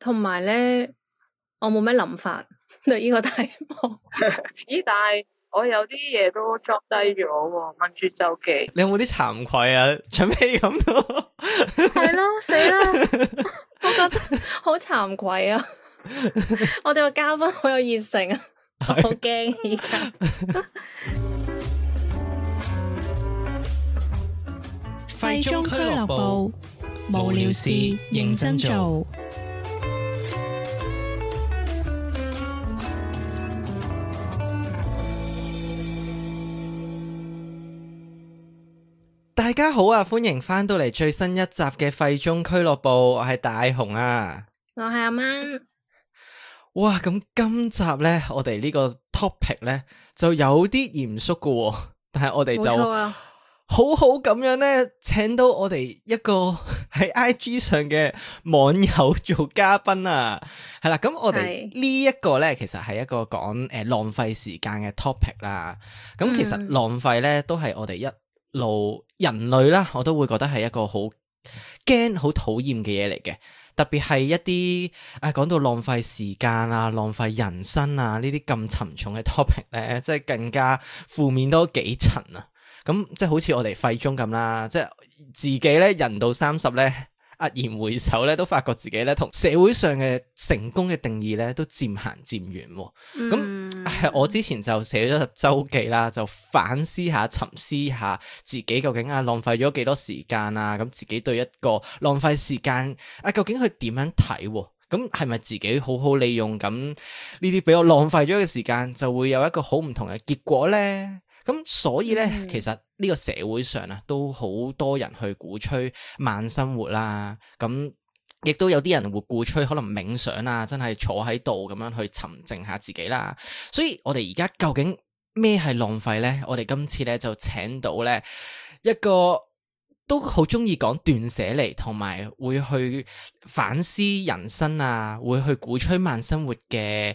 同埋咧，我冇咩諗法對呢個題目。咦？ 但係我有啲嘢都作低咗喎，問住周記。你有冇啲慚愧啊？準備咁咯？係咯，死啦！我覺得好慚愧啊！ 我哋個嘉賓好有熱誠啊，好驚而家。廢中俱樂部，無聊事認真做。大家好啊！歡迎翻到嚟最新一集嘅廢中俱樂部，我係大雄啊，我係阿媽。哇！咁今集咧，我哋呢個 topic 咧就有啲嚴肅嘅，但係我哋就好好咁樣咧，請到我哋一個喺 IG 上嘅網友做嘉賓啊，係啦。咁我哋呢一個咧，其實係一個講誒浪費時間嘅 topic 啦。咁其實浪費咧，都係我哋一。路人類啦，我都會覺得係一個好驚、好討厭嘅嘢嚟嘅。特別係一啲啊，哎、講到浪費時間啊、浪費人生啊呢啲咁沉重嘅 topic 咧，即係更加負面多幾層啊。咁即係好似我哋廢中咁啦，即係自己咧，人到三十咧。愕然、啊、回首咧，都發覺自己咧同社會上嘅成功嘅定義咧，都漸行漸遠，哦。咁、嗯哎、我之前就寫咗《十週記》啦，就反思下、沉思下自己究竟啊浪費咗幾多時間啊？咁自己對一個浪費時間啊，究竟佢點樣睇？咁係咪自己好好利用？咁呢啲俾我浪費咗嘅時間，就會有一個好唔同嘅結果咧。咁所以咧，嗯、其實。呢個社會上啊，都好多人去鼓吹慢生活啦，咁亦都有啲人會鼓吹可能冥想啊，真係坐喺度咁樣去沉靜下自己啦。所以我哋而家究竟咩係浪費呢？我哋今次呢就請到呢一個都好鍾意講斷捨離同埋會去反思人生啊，會去鼓吹慢生活嘅誒，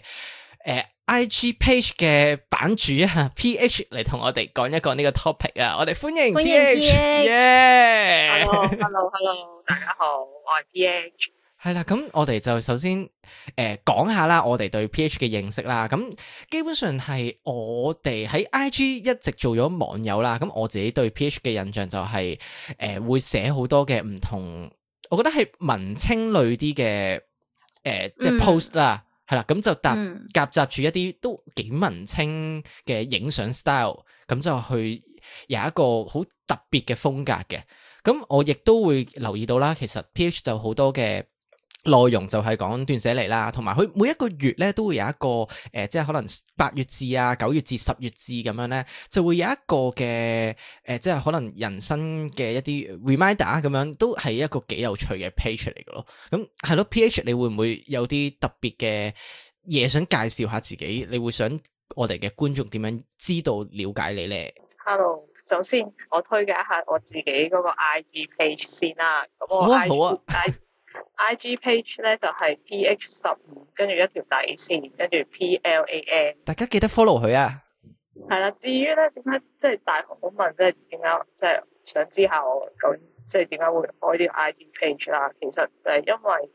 呃 I G page 嘅版主啊，P H 嚟同我哋講一講個呢個 topic 啊，我哋歡迎 P H，係，hello hello，hello 大家好，我係 P H，係啦，咁我哋就首先誒講、呃、下啦，我哋對 P H 嘅認識啦，咁基本上係我哋喺 I G 一直做咗網友啦，咁我自己對 P H 嘅印象就係、是、誒、呃、會寫好多嘅唔同，我覺得係文青類啲嘅誒即係 post 啦、嗯。係啦，咁就搭夾雜住一啲都幾文青嘅影相 style，咁、嗯、就去有一個好特別嘅風格嘅。咁我亦都會留意到啦，其實 PH 就好多嘅。內容就係講段寫嚟啦，同埋佢每一個月咧都會有一個誒、呃，即係可能八月至啊、九月至十月至咁樣咧，就會有一個嘅誒、呃，即係可能人生嘅一啲 reminder 咁樣，都係一個幾有趣嘅 page 嚟嘅咯。咁係咯，PH 你會唔會有啲特別嘅嘢想介紹下自己？你會想我哋嘅觀眾點樣知道了解你咧？Hello，首先我推介一下我自己嗰個 IG page 先啦。好啊，好啊。的 I G page 咧就係 P H 十五，跟住一條底線，跟住 P L A N。大家記得 follow 佢啊！係啦，至於咧點解即係大雄好問，即係點解即係想知下我咁，即係點解會開個 IG 呢個 I G page 啦？其實就係因為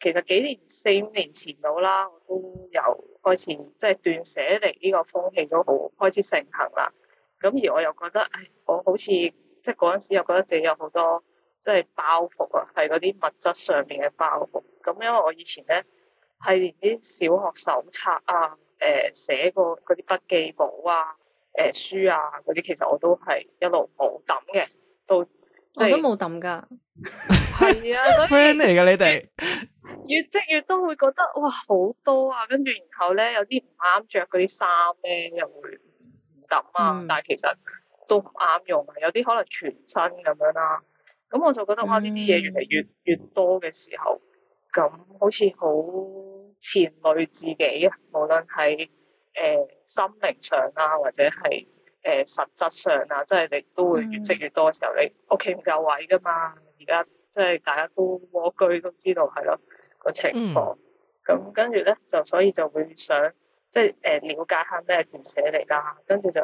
其實幾年四五年前到啦，我都有開始即係斷捨離呢個風氣都好開始盛行啦。咁而我又覺得，唉，我好似即係嗰陣時又覺得自己有好多。即係包袱啊，係嗰啲物質上面嘅包袱。咁、嗯、因為我以前咧係連啲小學手冊啊，誒、呃、寫過嗰啲筆記簿啊，誒、呃、書啊嗰啲，其實我都係一路冇抌嘅。都、就是、我都冇抌噶。係 啊，friend 嚟嘅，你哋。越積越都會覺得哇好多啊，跟住然後咧有啲唔啱着嗰啲衫咧又會唔抌啊，嗯、但係其實都唔啱用啊，有啲可能全身咁樣啦、啊。咁我就覺得哇！呢啲嘢越嚟越越多嘅時候，咁好似好纏累自己，無論係誒、呃、心靈上啊，或者係誒、呃、實質上啊，即係你都會越積越多嘅時候，你屋企唔夠位㗎嘛！而家即係大家都蝸居都知道係咯個情況，咁、嗯、跟住咧就所以就會想即係誒、呃、了解下咩條蛇嚟啦，跟住就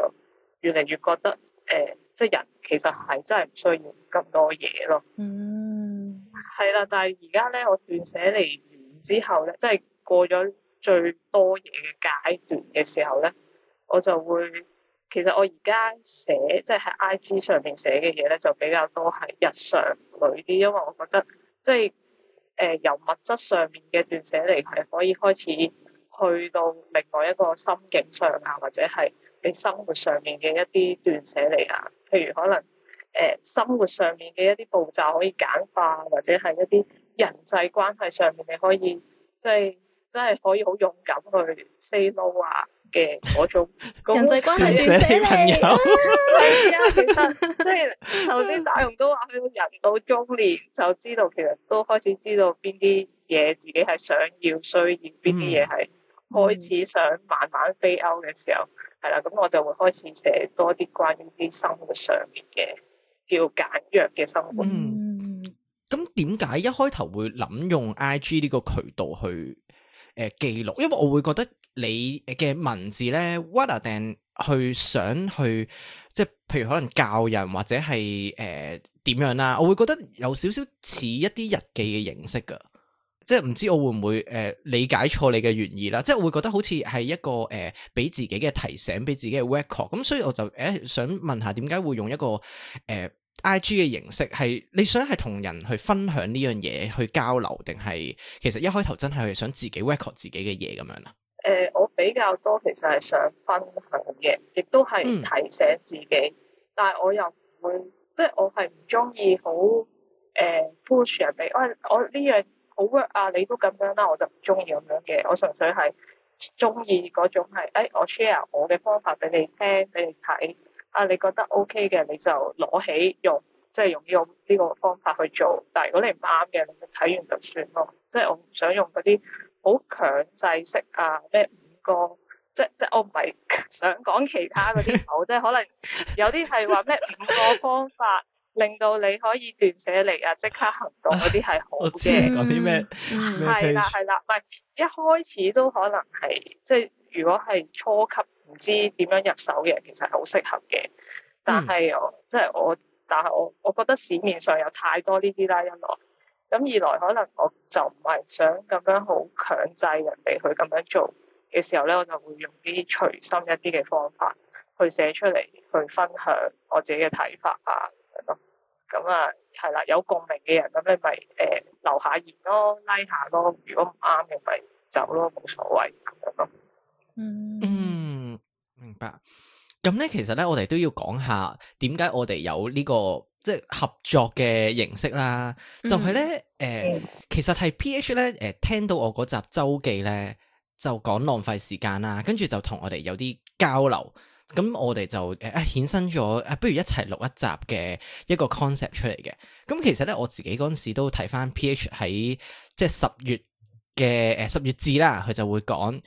越嚟越覺得誒。呃即係人其實係真係唔需要咁多嘢咯。嗯，係啦，但係而家咧，我斷捨離完之後咧，即係過咗最多嘢嘅階段嘅時候咧，我就會其實我而家寫即係喺 IG 上面寫嘅嘢咧，就比較多係日常類啲，因為我覺得即係誒由物質上面嘅斷捨離係可以開始去到另外一個心境上啊，或者係，你生活上面嘅一啲斷捨離啊，譬如可能誒、呃、生活上面嘅一啲步驟可以簡化，或者係一啲人際關係上面你可以即係即係可以好勇敢去 say no 啊嘅嗰種。 種人際關係斷捨離。係啊，其實即係頭先大雄都話，佢人到中年就知道，其實都開始知道邊啲嘢自己係想要、需要，邊啲嘢係。 嗯、開始想慢慢飛歐嘅時候，係啦，咁我就會開始寫多啲關於啲生活上面嘅叫簡約嘅生活。嗯，咁點解一開頭會諗用 IG 呢個渠道去誒、呃、記錄？因為我會覺得你嘅文字咧，whatever 定去想去，即係譬如可能教人或者係誒點樣啦、啊，我會覺得有少少似一啲日記嘅形式噶。即係唔知我會唔會誒、呃、理解錯你嘅原意啦，即係會覺得好似係一個誒俾、呃、自己嘅提醒，俾自己嘅 record 咁，所以我就誒、呃、想問下，點解會用一個誒、呃、IG 嘅形式？係你想係同人去分享呢樣嘢去交流，定係其實一開頭真係想自己 record 自己嘅嘢咁樣啦？誒、呃，我比較多其實係想分享嘅，亦都係提醒自己。嗯、但係我又唔會，即係我係唔中意好誒 push 人哋、哎，我我呢樣。這個好 work 啊！你都咁樣啦、啊，我就唔中意咁樣嘅。我純粹係中意嗰種係、哎，我 share 我嘅方法俾你聽，俾你睇。啊，你覺得 OK 嘅你就攞起用，即係用呢個呢個方法去做。但係如果你唔啱嘅，你睇完就算咯。即係我唔想用嗰啲好強制式啊，咩五個，即即我唔係想講其他嗰啲口， 即係可能有啲係話咩五個方法。令到你可以斷捨離啊，即刻行動嗰啲係好嘅。嗰啲咩？係啦係啦，唔係一開始都可能係即係，如果係初級唔知點樣入手嘅人，其實好適合嘅。但係我即係、嗯我，即係、我，但係我我覺得市面上有太多呢啲啦，一來咁二來，可能我就唔係想咁樣好強制人哋去咁樣做嘅時候咧，我就會用啲隨心一啲嘅方法去寫出嚟，去分享我自己嘅睇法啊。係咯，咁啊，係啦，有共鳴嘅人，咁你咪誒留下言咯，拉下咯，如果唔啱嘅咪走咯，冇所謂。咁樣咯。嗯，明白。咁咧，其實咧，我哋都要講下點解我哋有呢個即係合作嘅形式啦。就係咧，誒，其實係 PH 咧，誒，聽到我嗰集周記咧，就講浪費時間啦，跟住就同我哋有啲交流。咁我哋就誒衍生咗，不如一齊錄一集嘅一個 concept 出嚟嘅。咁其實咧，我自己嗰陣時都睇返 PH 喺即係十月嘅誒、呃、十月至啦，佢就會講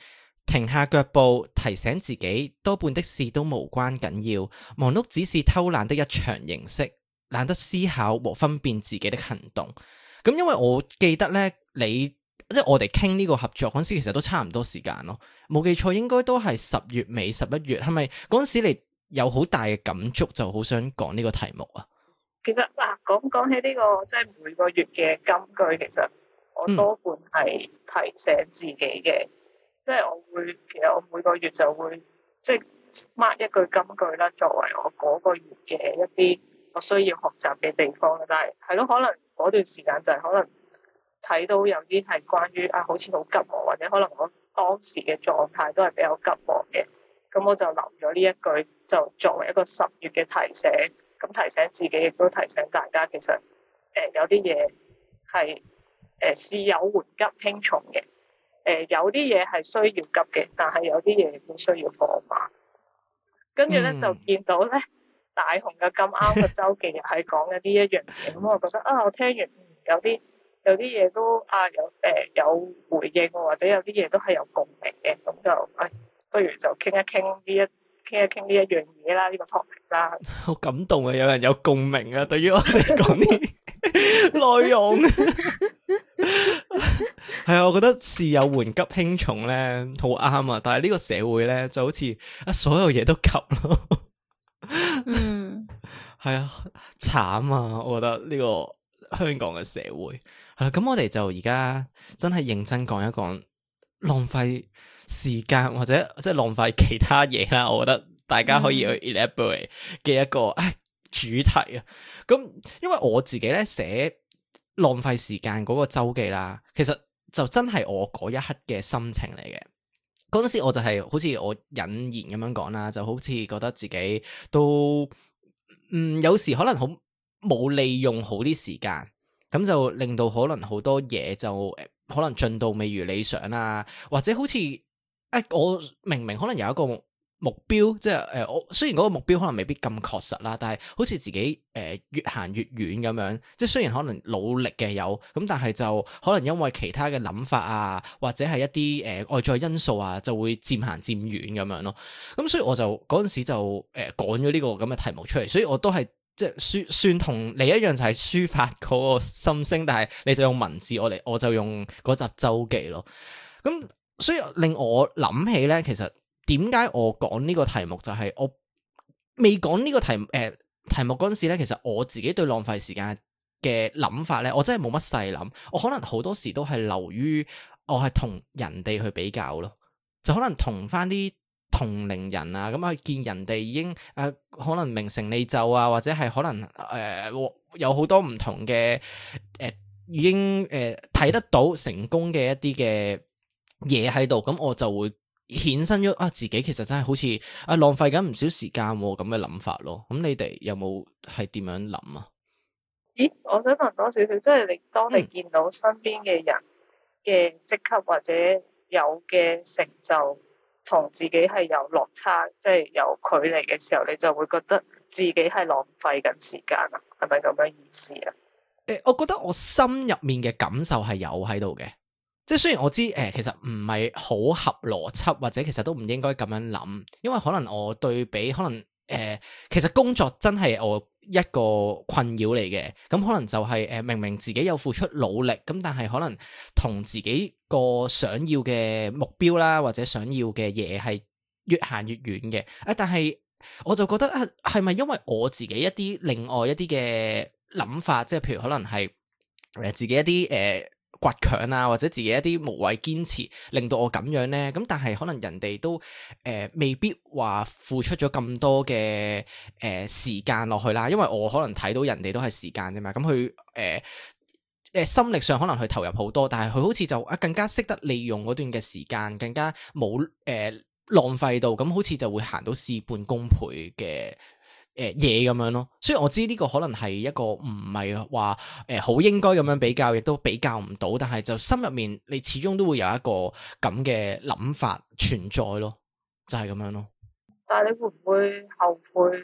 停下腳步，提醒自己多半的事都無關緊要，忙碌只是偷懶的一場形式，懶得思考和分辨自己的行動。咁因為我記得咧，你。即係我哋傾呢個合作嗰陣時，其實都差唔多時間咯，冇記錯應該都係十月尾十一月，係咪嗰陣時你有好大嘅感觸，就好想講呢個題目啊？其實嗱，講講起呢個即係每個月嘅金句，其實我多半係提醒自己嘅，嗯、即係我會其實我每個月就會即係 mark 一句金句啦，作為我嗰個月嘅一啲我需要學習嘅地方啦。但係係咯，可能嗰段時間就係可能。睇到有啲係關於啊，好似好急喎，或者可能我當時嘅狀態都係比較急喎嘅。咁我就留咗呢一句，就作為一個十月嘅提醒，咁、嗯、提醒自己，亦都提醒大家，其實誒、呃、有啲嘢係誒事有緩急輕重嘅，誒、呃、有啲嘢係需要急嘅，但係有啲嘢亦都需要放慢。跟住咧就見到咧、嗯、大雄嘅咁啱嘅週記，又係講緊呢一樣嘢，咁 我覺得啊，我聽完、嗯、有啲。有啲嘢都啊有誒、呃、有回應，或者有啲嘢都係有共鳴嘅，咁、嗯、就誒、哎，不如就傾一傾呢一傾一傾呢一樣嘢啦，呢、呢個 topic 啦。好感動啊！有人有共鳴啊！對於我嚟講呢啲內容，係 啊、哎，我覺得事有緩急輕重咧，好啱啊！但係呢個社會咧，就好似啊所有嘢都急咯。 嗯，係啊、 哎，慘啊！我覺得呢個香港嘅社會。係啦，咁我哋就而家真係認真講一講浪費時間或者即係浪費其他嘢啦。我覺得大家可以去 elaborate 嘅一個誒主題啊。咁因為我自己咧寫浪費時間嗰個周記啦，其實就真係我嗰一刻嘅心情嚟嘅。嗰陣時我就係好似我隱言咁樣講啦，就好似覺得自己都嗯有時可能好冇利用好啲時間。咁就令到可能好多嘢就誒，可能進度未如理想啦、啊，或者好似誒、哎，我明明可能有一個目標，即係誒，我、呃、雖然嗰個目標可能未必咁確實啦，但係好似自己誒、呃、越行越遠咁樣，即係雖然可能努力嘅有，咁但係就可能因為其他嘅諗法啊，或者係一啲誒、呃、外在因素啊，就會漸行漸，漸遠咁樣咯、啊。咁所以我就嗰陣時就誒、呃、講咗呢、這個咁嘅題目出嚟，所以我都係。即係書算同你一樣，就係抒發嗰個心聲，但係你就用文字，我嚟我就用嗰集周記咯。咁所以令我諗起咧，其實點解我講呢個,個題目，就係我未講呢個題誒題目嗰陣時咧，其實我自己對浪費時間嘅諗法咧，我真係冇乜細諗，我可能好多時都係留於我係同人哋去比較咯，就可能同翻啲。同齡人啊，咁啊見人哋已經誒、啊，可能名成利就啊，或者係可能誒、呃，有好多唔同嘅誒、呃，已經誒睇、呃、得到成功嘅一啲嘅嘢喺度，咁我就會衍生咗啊，自己其實真係好似啊，浪費緊唔少時間咁嘅諗法咯。咁你哋有冇係點樣諗啊？咦，我想問多少少，即係你當你見到身邊嘅人嘅職級或者有嘅成就。同自己係有落差，即係有距離嘅時候，你就會覺得自己係浪費緊時間啦，係咪咁樣意思啊？誒，我覺得我心入面嘅感受係有喺度嘅，即係雖然我知誒，其實唔係好合邏輯，或者其實都唔應該咁樣諗，因為可能我對比可能。誒，其實工作真係我一個困擾嚟嘅，咁可能就係誒，明明自己有付出努力，咁但係可能同自己個想要嘅目標啦，或者想要嘅嘢係越行越遠嘅。誒，但係我就覺得係咪因為我自己一啲另外一啲嘅諗法，即係譬如可能係誒自己一啲誒。呃倔強啊，或者自己一啲無謂堅持，令到我咁樣呢。咁但係可能人哋都誒、呃，未必話付出咗咁多嘅誒、呃、時間落去啦。因為我可能睇到人哋都係時間啫嘛。咁佢誒誒心力上可能去投入好多，但係佢好似就啊更加識得利用嗰段嘅時間，更加冇誒、呃、浪費到，咁好似就會行到事半功倍嘅。誒嘢，咁樣咯，雖然我知呢個可能係一個唔係話誒好應該咁樣比較，亦都比較唔到，但係就心入面你始終都會有一個咁嘅諗法存在咯，就係、是、咁樣咯。但係你會唔會後悔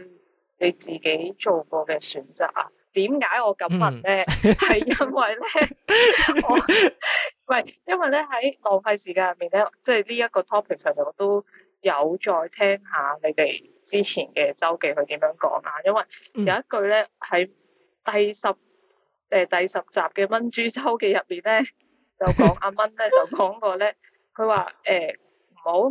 你自己做過嘅選擇啊？點解我咁問咧？係、嗯、因為咧，我喂， 因為咧喺浪費時間入面咧，即係呢一個 topic 上面我都有再聽下你哋。之前嘅周記佢點樣講啊？因為有一句咧喺第十誒、呃、第十集嘅《蚊珠周記》入面咧，就講 阿蚊咧就講過咧，佢話誒唔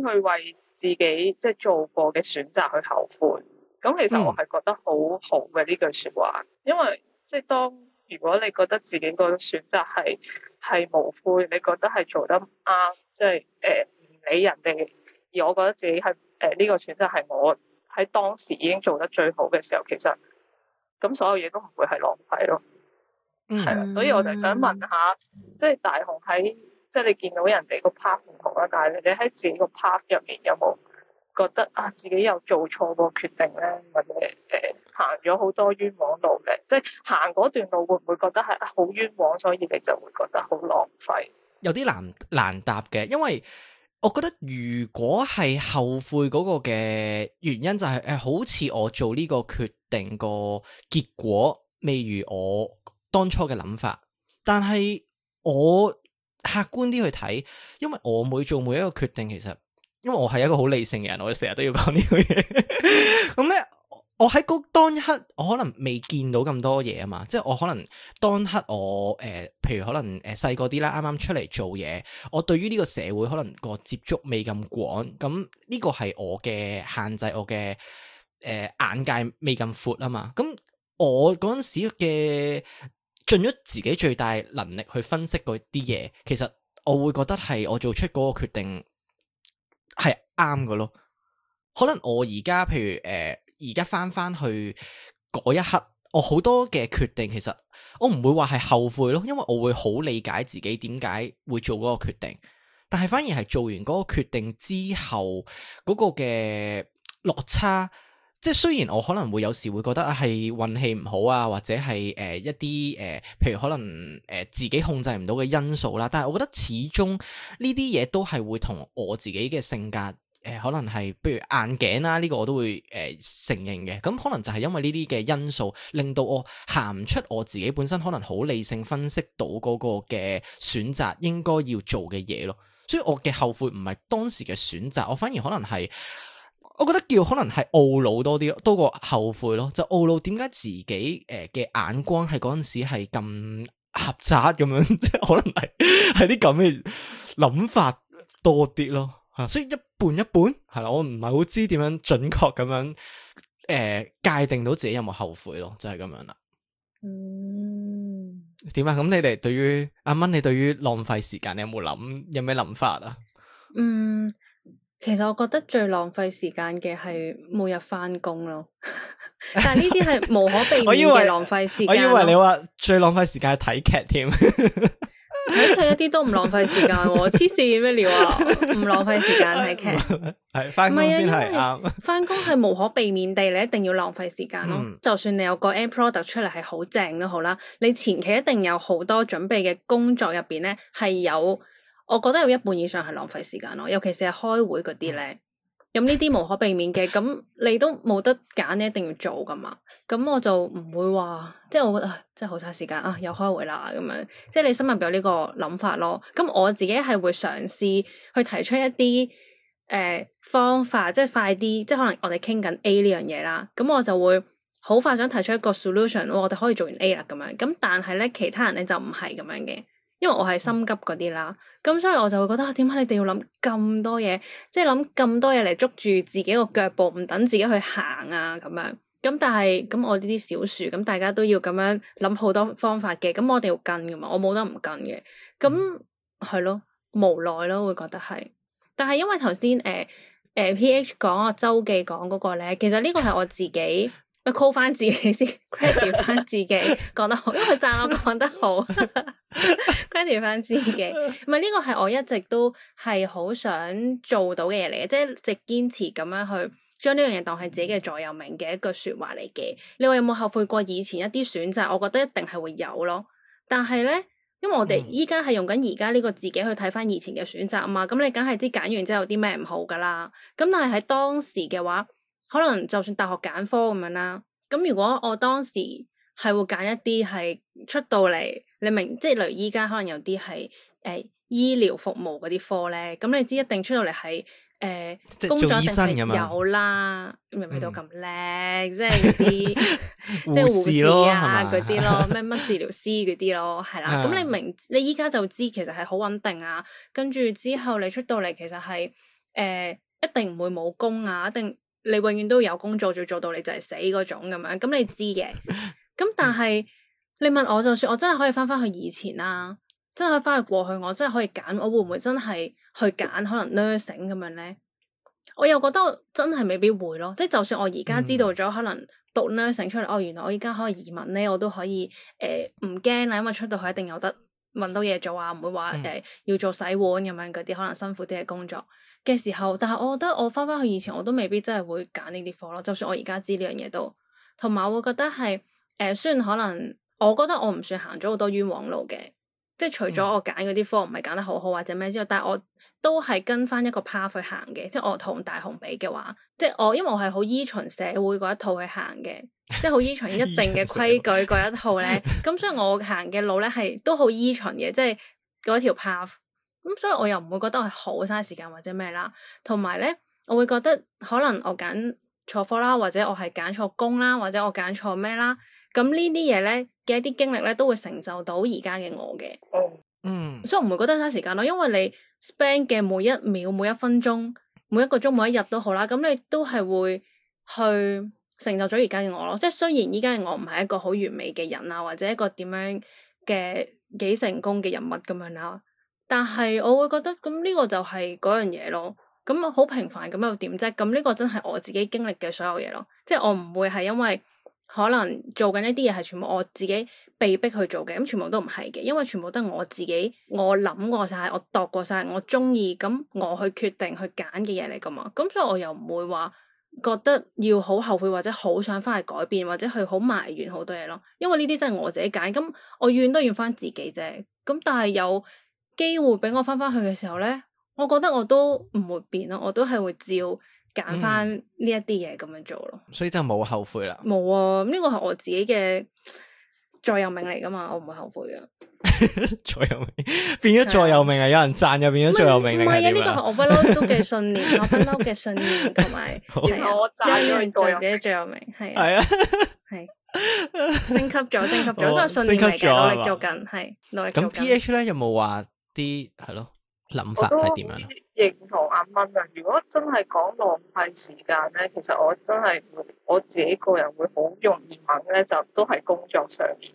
好去為自己即係做過嘅選擇去後悔。咁其實我係覺得好好嘅呢句說話，因為即係當如果你覺得自己個選擇係係無悔，你覺得係做得啱，即係誒唔理人哋，而我覺得自己係誒呢個選擇係我。喺當時已經做得最好嘅時候，其實咁所有嘢都唔會係浪費咯。係啦 所以我就想問下，即係大雄喺即係你見到人哋個 path 唔同啦，但係你哋喺自己個 path 入面有冇覺得啊自己有做錯過決定咧，或者誒行咗好多冤枉路嘅？即係行嗰段路會唔會覺得係好冤枉，所以你就會覺得好浪費？有啲難難答嘅，因為。我覺得如果係後悔嗰個嘅原因就係、是、誒、呃，好似我做呢個決定個結果未如我當初嘅諗法，但係我客觀啲去睇，因為我每做每一個決定，其實因為我係一個好理性嘅人，我成日都要講、 嗯、呢句嘢，咁咧。我喺嗰當刻，我可能未見到咁多嘢啊嘛，即係我可能當刻我誒、呃，譬如可能誒細個啲啦，啱啱出嚟做嘢，我對於呢個社會可能個接觸未咁廣，咁呢個係我嘅限制，我嘅誒、呃、眼界未咁闊啊嘛，咁我嗰陣時嘅盡咗自己最大能力去分析嗰啲嘢，其實我會覺得係我做出嗰個決定係啱㗎咯。可能我而家譬如誒、呃而家返返去嗰一刻，我好多嘅決定，其實我唔會話係後悔咯，因為我會好理解自己點解會做嗰個決定。但係反而係做完嗰個決定之後嗰個嘅落差，即係雖然我可能會有時會覺得係運氣唔好啊，或者係誒、呃、一啲誒、呃，譬如可能誒、呃、自己控制唔到嘅因素啦。但係我覺得始終呢啲嘢都係會同我自己嘅性格。誒、呃，可能係，不如眼鏡啦，呢、這個我都會誒、呃、承認嘅。咁可能就係因為呢啲嘅因素，令到我行唔出我自己本身可能好理性分析到嗰個嘅選擇應該要做嘅嘢咯。所以我嘅後悔唔係當時嘅選擇，我反而可能係，我覺得叫可能係懊惱多啲咯，多過後悔咯。就懊惱，點解自己誒嘅、呃、眼光係嗰陣時係咁狹窄咁樣？即 係可能係係啲咁嘅諗法多啲咯。所以一半一半係啦，我唔係好知點樣準確咁樣誒界定到自己有冇後悔咯，就係、是、咁樣啦。嗯，點啊？咁你哋對於阿蚊，你對於浪費時間，你有冇諗有咩諗法啊？嗯，其實我覺得最浪費時間嘅係每日返工咯， 但係呢啲係無可避免嘅浪費時間。我以為你話最浪費時間係睇劇添。睇劇一啲都唔浪，啊啊、 浪費時間，黐線咩料啊！唔浪費時間睇劇，係翻工先係啱。翻工係無可避免地，你一定要浪費時間咯、啊。嗯、就算你有個 end product 出嚟係好正都好啦，你前期一定有好多準備嘅工作入邊咧，係有，我覺得有一半以上係浪費時間咯、啊，尤其是係開會嗰啲咧。嗯有呢啲無可避免嘅，咁你都冇得揀，你一定要做噶嘛。咁我就唔會話，即係我覺得，即係好嘥時間啊，又開會啦咁樣。即係你心入邊有呢個諗法咯。咁我自己係會嘗試去提出一啲誒、呃、方法，即係快啲，即係可能我哋傾緊 A 呢樣嘢啦。咁我就會好快想提出一個 solution，我哋可以做完 A 啦咁樣。咁但係咧，其他人咧就唔係咁樣嘅。因為我係心急嗰啲啦，咁所以我就會覺得點解、啊、你哋要諗咁多嘢，即係諗咁多嘢嚟捉住自己個腳步，唔等自己去行啊咁樣。咁但係咁我呢啲小樹，咁大家都要咁樣諗好多方法嘅。咁我哋要跟嘅嘛，我冇得唔跟嘅。咁係咯，無奈咯，會覺得係。但係因為頭先誒誒 PH 講啊，周記講嗰、嗰個咧，其實呢個係我自己。咪 call 翻自己先，credit 翻 自己講得好，因為佢讚我講得好，credit 翻 自己。咪呢個係我一直都係好想做到嘅嘢嚟嘅，即係一直堅持咁樣去將呢樣嘢當係自己嘅座右銘嘅一句說話嚟嘅。你話有冇後悔過以前一啲選擇？我覺得一定係會有咯。但係咧，因為我哋依家係用緊而家呢個自己去睇翻以前嘅選擇啊嘛，咁你梗係知揀完之後有啲咩唔好噶啦。咁但係喺當時嘅話。可能就算大學揀科咁樣啦，咁如果我當時係會揀一啲係出到嚟，你明即係例如依家可能有啲係誒醫療服務嗰啲科咧，咁你知一定出到嚟係誒工作一定係有啦，明唔係到咁叻，有有即係啲即係護士啊嗰啲咯，咩乜吧治療師嗰啲咯，係啦， 咁你明你依家就知其實係好穩定啊，跟住之後你出到嚟其實係誒一定唔會冇工啊，一定。你永遠都有工作，要做到你就係死嗰種咁樣。咁你知嘅。咁但係你問我就算我真係可以翻翻去以前啦，真係可以翻去過去，我真係可以揀，我會唔會真係去揀可能 nursing 咁樣咧？我又覺得真係未必會咯。即係就算我而家知道咗，嗯、可能讀 nursing 出嚟，哦，原來我而家可以移民咧，我都可以誒唔驚啦，因為出到去一定有得揾到嘢做啊，唔會話誒、呃、要做洗碗咁樣嗰啲可能辛苦啲嘅工作。嘅時候，但係我覺得我翻翻去以前，我都未必真係會揀呢啲科咯。就算我而家知呢樣嘢都，同埋我會覺得係誒、呃，雖然可能我覺得我唔算行咗好多冤枉路嘅，即係除咗我揀嗰啲科唔係揀得好好或者咩之外，但係我都係跟翻一個 path 去行嘅。即係我同大雄比嘅話，即係我因為我係好依循社會嗰一套去行嘅，即係好依循一定嘅規矩嗰一套咧。咁 所以我行嘅路咧係都好依循嘅，即係嗰條 path。咁所以我又唔會覺得係好嘥時間或者咩啦，同埋咧我會覺得可能我揀錯科啦，或者我係揀錯工啦，或者我揀錯咩啦，咁呢啲嘢咧嘅一啲經歷咧都會成就到而家嘅我嘅。哦，嗯，所以我唔會覺得嘥時間咯，因為你 spend 嘅每一秒、每一分鐘、每一個鐘、每一日都好啦，咁你都係會去成就咗而家嘅我咯。即係雖然而家嘅我唔係一個好完美嘅人啊，或者一個點樣嘅幾成功嘅人物咁樣啦。但係我會覺得咁呢個就係嗰樣嘢咯，咁好平凡咁又點啫？咁呢個真係我自己經歷嘅所有嘢咯，即係我唔會係因為可能做緊一啲嘢係全部我自己被逼去做嘅，咁全部都唔係嘅，因為全部都係我自己我諗過晒，我度過晒，我中意咁我去決定去揀嘅嘢嚟噶嘛，咁所以我又唔會話覺得要好後悔或者好想翻去改變或者去好埋怨好多嘢咯，因為呢啲真係我自己揀，咁我怨都怨翻自己啫，咁但係有。機會俾我翻翻去嘅時候咧，我覺得我都唔會變咯，我都係會照揀翻呢一啲嘢，咁樣做咯。所以真係冇後悔啦。冇啊，呢個係我自己嘅座右銘嚟噶嘛，我唔會後悔嘅。座右銘變咗座右銘啊！有人讚又變咗座右銘，唔係啊！呢個係我不嬲都嘅信念，我不嬲嘅信念同埋我讚，自己座右銘，係係啊，係升級咗，升級咗，都係信念嚟嘅，努力做緊係努力。咁 P H 咧有冇話？啲係咯諗法係點樣？認同阿蚊啊！如果真係講浪費時間咧，其實我真係我自己個人會好容易問咧，就都係工作上面，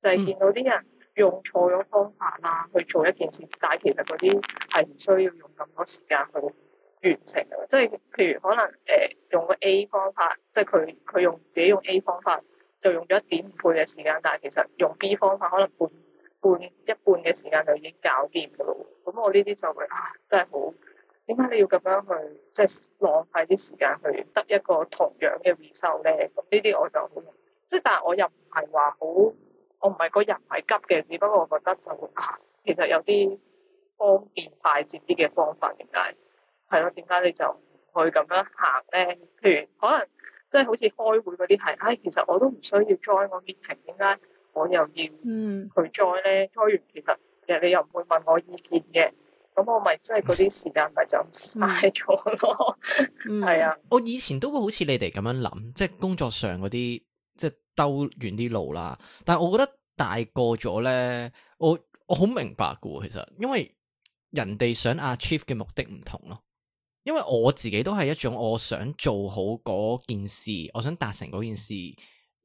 就係、是、見到啲人用錯咗方法啦，去做一件事，但係其實嗰啲係唔需要用咁多時間去完成嘅，即係譬如可能誒、呃、用個 A 方法，即係佢佢用自己用 A 方法就用咗一點五倍嘅時間，但係其實用 B 方法可能半。半一半嘅時間就已經搞掂㗎咯喎，咁我呢啲就會啊真係好，點解你要咁樣去即係、就是、浪費啲時間去得一個同樣嘅 result 咧？咁呢啲我就即係、就是、但係我又唔係話好，我唔係個人係急嘅，只不過我覺得就會啊其實有啲方便快捷啲嘅方法點解係咯？點解你就唔去咁樣行咧？譬如可能即係、就是、好似開會嗰啲係，唉、哎、其實我都唔需要 join 我 meeting 點解？我又要佢再咧，栽完、嗯、其實其實你又唔會問我意見嘅，咁我咪即係嗰啲時間咪就嘥咗咯，係、嗯、 啊。我以前都會好似你哋咁樣諗，即係工作上嗰啲即係兜遠啲路啦。但係我覺得大個咗咧，我我好明白噶喎，其實因為人哋想 achieve 嘅目的唔同咯，因為我自己都係一種我想做好嗰件事，我想達成嗰件事。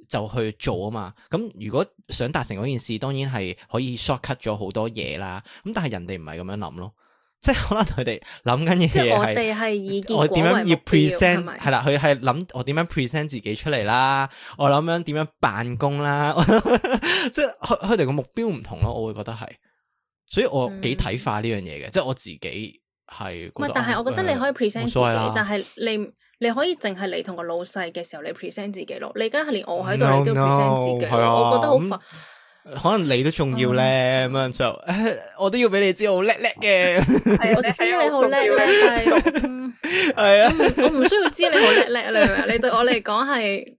就去做啊嘛！咁如果想達成嗰件事，當然係可以 short cut 咗好多嘢啦。咁但係人哋唔係咁樣諗咯，即係可能佢哋諗緊嘅嘢係我點樣要 present 係啦。佢係諗我點樣 present 自己出嚟啦。嗯、我諗緊點樣辦公啦。 即係佢哋個目標唔同咯。我會覺得係，所以我幾睇化呢樣嘢嘅。嗯、即係我自己係，但係我覺得你可以 present 自己，嗯、但係你，你。你可以淨係你同個老細嘅時候，你 present 自己咯。你而家係連我喺度、oh, no, no, 你都要 present 自己，啊、我覺得好煩、嗯。可能你都重要咧，咁樣就，so, 我都要俾你知我叻叻嘅。係 我知你好叻叻，係、 嗯、啊，我唔需要知你好叻叻你啊， 你對我嚟講係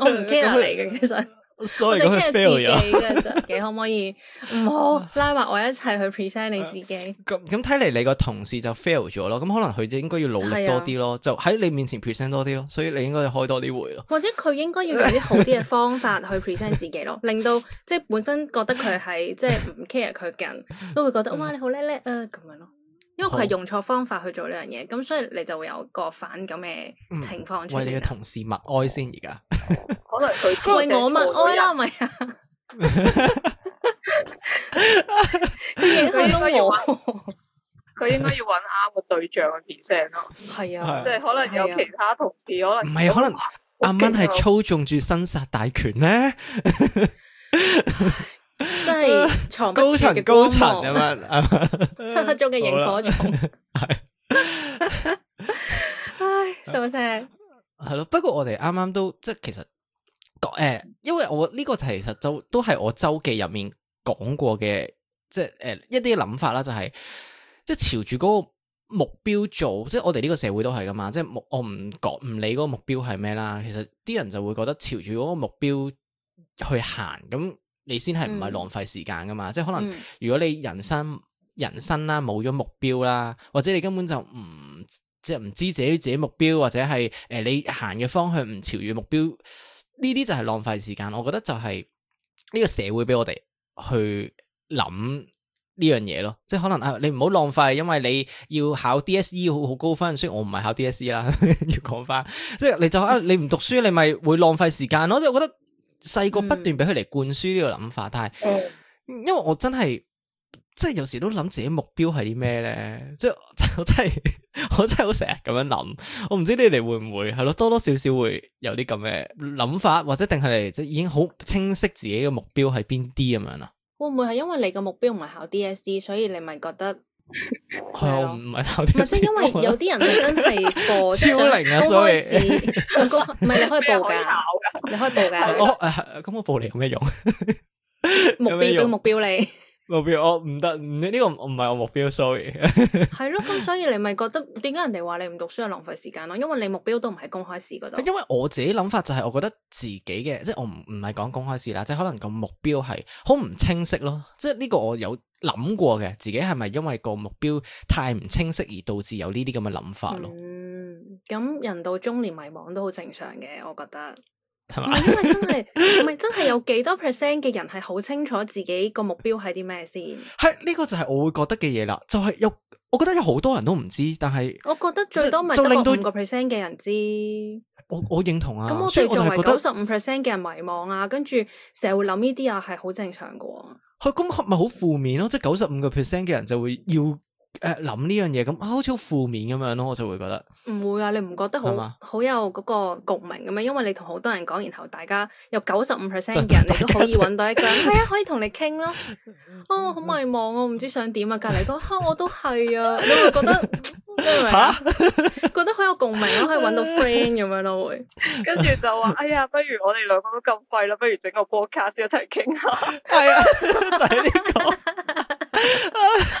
我唔 care 你嘅其實。 所以咁係嘅，Sorry, 自己，自己 可唔可以唔好 拉埋我一齊去 present 你自己？咁咁睇嚟，你個同事就 fail 咗咯，咁可能佢就應該要努力多啲咯，是啊、就喺你面前 present 多啲咯，所以你應該要開多啲會咯，或者佢應該要用啲好啲嘅方法去 present 自己咯， 令到即係、就是、本身覺得佢係即係唔 care 佢嘅人 都會覺得 哇你好叻叻啊咁樣咯。因為佢係用錯方法去做呢樣嘢，咁所以你就會有個反感嘅情況出嚟、嗯。喂，你嘅同事默哀先而家， 可能佢為我默哀啦，係咪啊？佢 應該要揾，佢 應該要揾啱個對象嘅 present 咯。係 啊，即係、啊啊、可能有其他同事可能，可能唔係可能阿蚊係操縱住生殺大權咧。 真係高層高層啊嘛，漆黑 中嘅螢火蟲係，好的 唉，收聲係咯。不過我哋啱啱都即係其實誒，因為我呢、這個就其實周都係我周記入面講過嘅，即係誒一啲諗法啦，就係即係朝住嗰個目標做，即係我哋呢個社會都係噶嘛，即係目我唔講唔理嗰個目標係咩啦，其實啲人就會覺得朝住嗰個目標去行咁。你先係唔係浪費時間噶嘛？嗯、即係可能如果你人生人生啦冇咗目標啦，或者你根本就唔即係唔知自己自己目標，或者係誒、呃、你行嘅方向唔朝住目標，呢啲就係浪費時間。我覺得就係呢個社會俾我哋去諗呢樣嘢咯。即係可能啊，你唔好浪費，因為你要考 DSE 好好高分。雖然我唔係考 DSE 啦， 要講翻即係你，你就啊，你唔讀書你咪會浪費時間咯。即我即係覺得。細個不斷俾佢嚟灌輸呢個諗法，但係因為我真係即係有時都諗自己目標係啲咩咧，即係我真係我真係好成日咁樣諗，我唔知你哋會唔會係咯，多多少少會有啲咁嘅諗法，或者定係即係已經好清晰自己嘅目標係邊啲咁樣啦？會唔會係因為你個目標唔係考 DSE，所以你咪覺得係啊？唔係考 DSE，即係因為有啲人真係過超靈啊，所以唔該，唔係你可以報考。你可以報嘅。咁我報你有咩用？目標目標，你目標我唔得，呢個唔係我目標，sorry。係咯，咁所以你咪覺得點解人哋話你唔讀書係浪費時間咯？因為你目標都唔喺公開試嗰度。因為我自己諗法就係，我覺得自己嘅即係我唔唔係講公開試啦，即係可能個目標係好唔清晰咯。即係呢個我有諗過嘅，自己係咪因為個目標太唔清晰而導致有呢啲咁嘅諗法咯？咁、嗯嗯嗯嗯嗯嗯、人到中年迷惘都好正常嘅，我覺得。係嘛？ 因為真係唔係真係有幾多 percent 嘅人係好清楚自己個目標係啲咩先？係呢個就係我會覺得嘅嘢啦，就係有，我覺得有好多人都唔知，但係我覺得最多咪得個五個 percent 嘅人知。我我認同啊，咁我哋作為九十五 percent 嘅人迷茫啊，跟住成日會諗呢啲啊，係好正常噶。佢咁咪好負面咯，即係九十五個 percent 嘅人就會要。誒，諗呢樣嘢咁，好似好負面咁樣咯，我就會覺得唔會啊！你唔覺得好好有嗰個共鳴咁樣？因為你同好多人講，然後大家有九十五 percent 嘅人，你都可以揾到一個人，係啊，可以同你傾咯。哦，好迷茫，我唔知想點啊！隔籬講，哈，我都係啊，你會覺得吓，覺得好有共鳴咯，可以揾到 friend 咁樣咯，會跟住就話，哎呀，不如我哋兩個都咁廢啦，不如整個 podcast 先一齊傾下。係啊，就係呢個。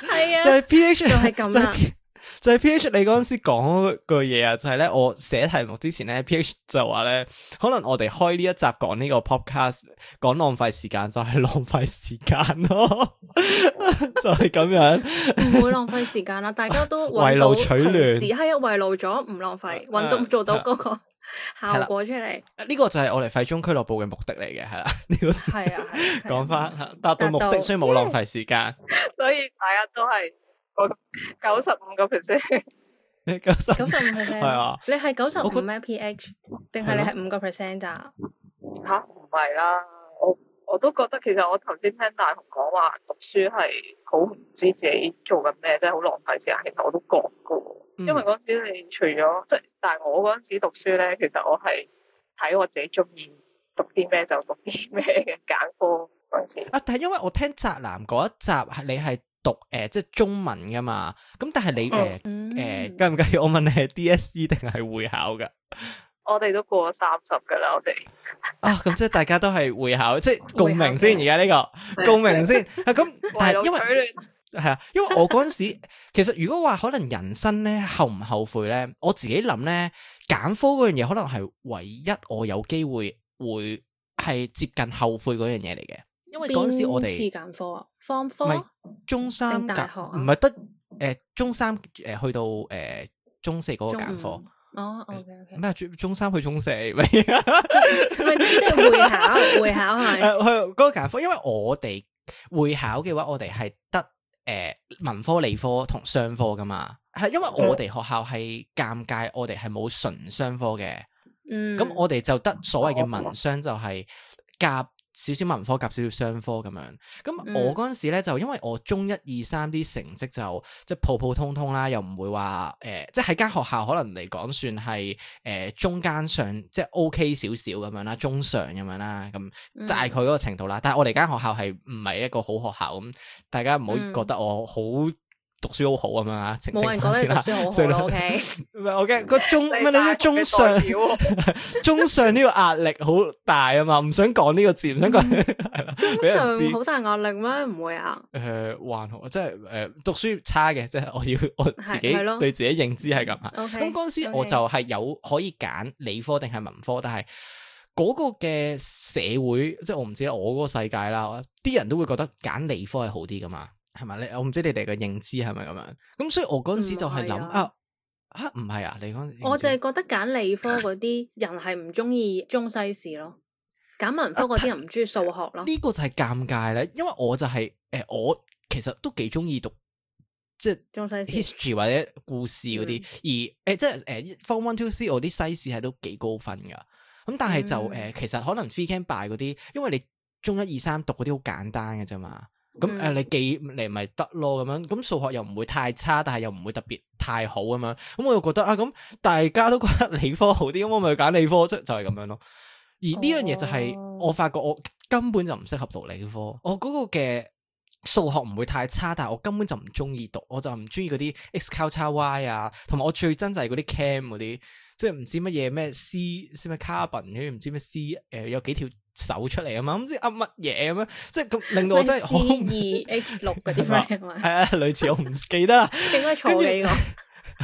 係啊，啊就係是 PH 就係咁，就係 PH 你嗰陣時講句嘢啊，就係咧我寫題目之前咧 PH 就話咧，可能我哋開呢一集講呢個 podcast，講浪費時間就係浪費時間咯，就係、是、咁 這樣，唔 會浪費時間啦，大家都圍爐取暖，係啊圍爐咗唔浪費，搵到做到嗰、那個。啊啊效果出嚟，呢個就係我哋廢中俱樂部嘅目的嚟嘅，係啦。呢個係啊，講翻達到目的，到所以冇浪費時間。Yeah. 所以大家都係九九十五個 percent，你九十五 percent 係啊。你係九十五咩？PH 定係你係五個 percent 咋？吓，唔係啦。我都覺得其實我頭先聽大雄講話讀書係好唔知自己做緊咩，即係好浪費時間。其實我都覺噶，因為嗰陣時你除咗即係，但係我嗰陣時讀書咧，其實我係睇我自己中意讀啲咩就讀啲咩嘅，揀科嗰陣時。啊，但係因為我聽宅男嗰一集係你係讀誒、呃、即係中文噶嘛，咁但係你誒誒介唔介意？嗯呃、介唔介意我問你係 DSE 定係會考噶？我哋都過咗三十噶啦，我哋 啊，咁即係大家都係會考， 即係共鳴先、這個、 先。而家呢個共鳴先，咁但係因為係啊， 因為我嗰陣時其實如果話可能人生咧後唔後悔咧，我自己諗咧，揀科嗰樣嘢可能係唯一我有機會會係接近後悔嗰樣嘢嚟嘅。因為嗰陣時我哋揀科啊，Form 4，中三大學唔係得誒，中三誒去到誒中四嗰個揀科。哦，O K O K 咩中三去中四咩？ 唔係即係會考， 會考係，係嗰個揀科，因為我哋會考嘅話，我哋係得誒文科、理科同商科噶嘛，係因為我哋學校係尷尬，我哋係冇純商科嘅，嗯，咁我哋就得所謂嘅文商就係夾，少少文科夾少少商科咁樣，咁我嗰陣時咧就因為我中一二三啲成績就即係普普通通啦，又唔會話誒、呃，即係喺間學校可能嚟講算係誒、呃、中間上即係 OK 少少咁樣啦，中上咁樣啦，咁大概嗰個程度啦。嗯、但係我哋間學校係唔係一個好學校咁，大家唔好覺得我好、嗯。讀書好好啊嘛，冇人覺得你讀書好嘅，OK。唔係我嘅個中咩？你啲中上中上呢個壓力好大啊嘛，唔想講呢個字，唔想講中上好大壓力咩？唔會啊？誒、呃，還好，即係誒、呃，讀書差嘅，即係我要我自己對自己認知係咁啊。咁嗰陣時我就係有可以揀理科定係文科，但係嗰個嘅社會，即係我唔知我嗰個世界啦，啲人都會覺得揀理科係好啲㗎嘛。係咪咧？我唔知你哋嘅認知係咪咁樣？咁所以我嗰陣時就係諗啊，吓唔係啊？你講，我就係覺得揀理科嗰啲人係唔中意中西史咯，揀文科嗰啲人唔中意數學咯。呢個就係尷尬啦，因為我就係誒，我其實都幾中意讀即係中西史或者故事嗰啲，而誒即係誒 form one to three 我啲西史係都幾高分噶，咁但係就誒其實可能 t h e e can b 敗嗰啲，因為你中一二三讀嗰啲好簡單嘅啫嘛。咁誒、嗯嗯啊，你記嚟咪得咯咁樣，咁數學又唔會太差，但係又唔會特別太好咁樣，咁我又覺得啊，咁大家都覺得理科好啲，咁我咪揀理科，即就係、是、咁樣咯。而呢樣嘢就係我發覺我根本就唔適合讀理科，我嗰個嘅數學唔會太差，但係我根本就唔中意讀，我就唔中意嗰啲 x 交叉 y 啊，同埋我最憎就係嗰啲 cam 嗰啲，即係唔知乜嘢咩 c 先咩 carbon 唔知咩 c 誒、呃、有幾條。搜出嚟啊嘛，唔知噏乜嘢咁樣，即係咁令到我真係好。二 A 六嗰啲 friend 啊，係啊， 類似我唔記得。 應該錯幾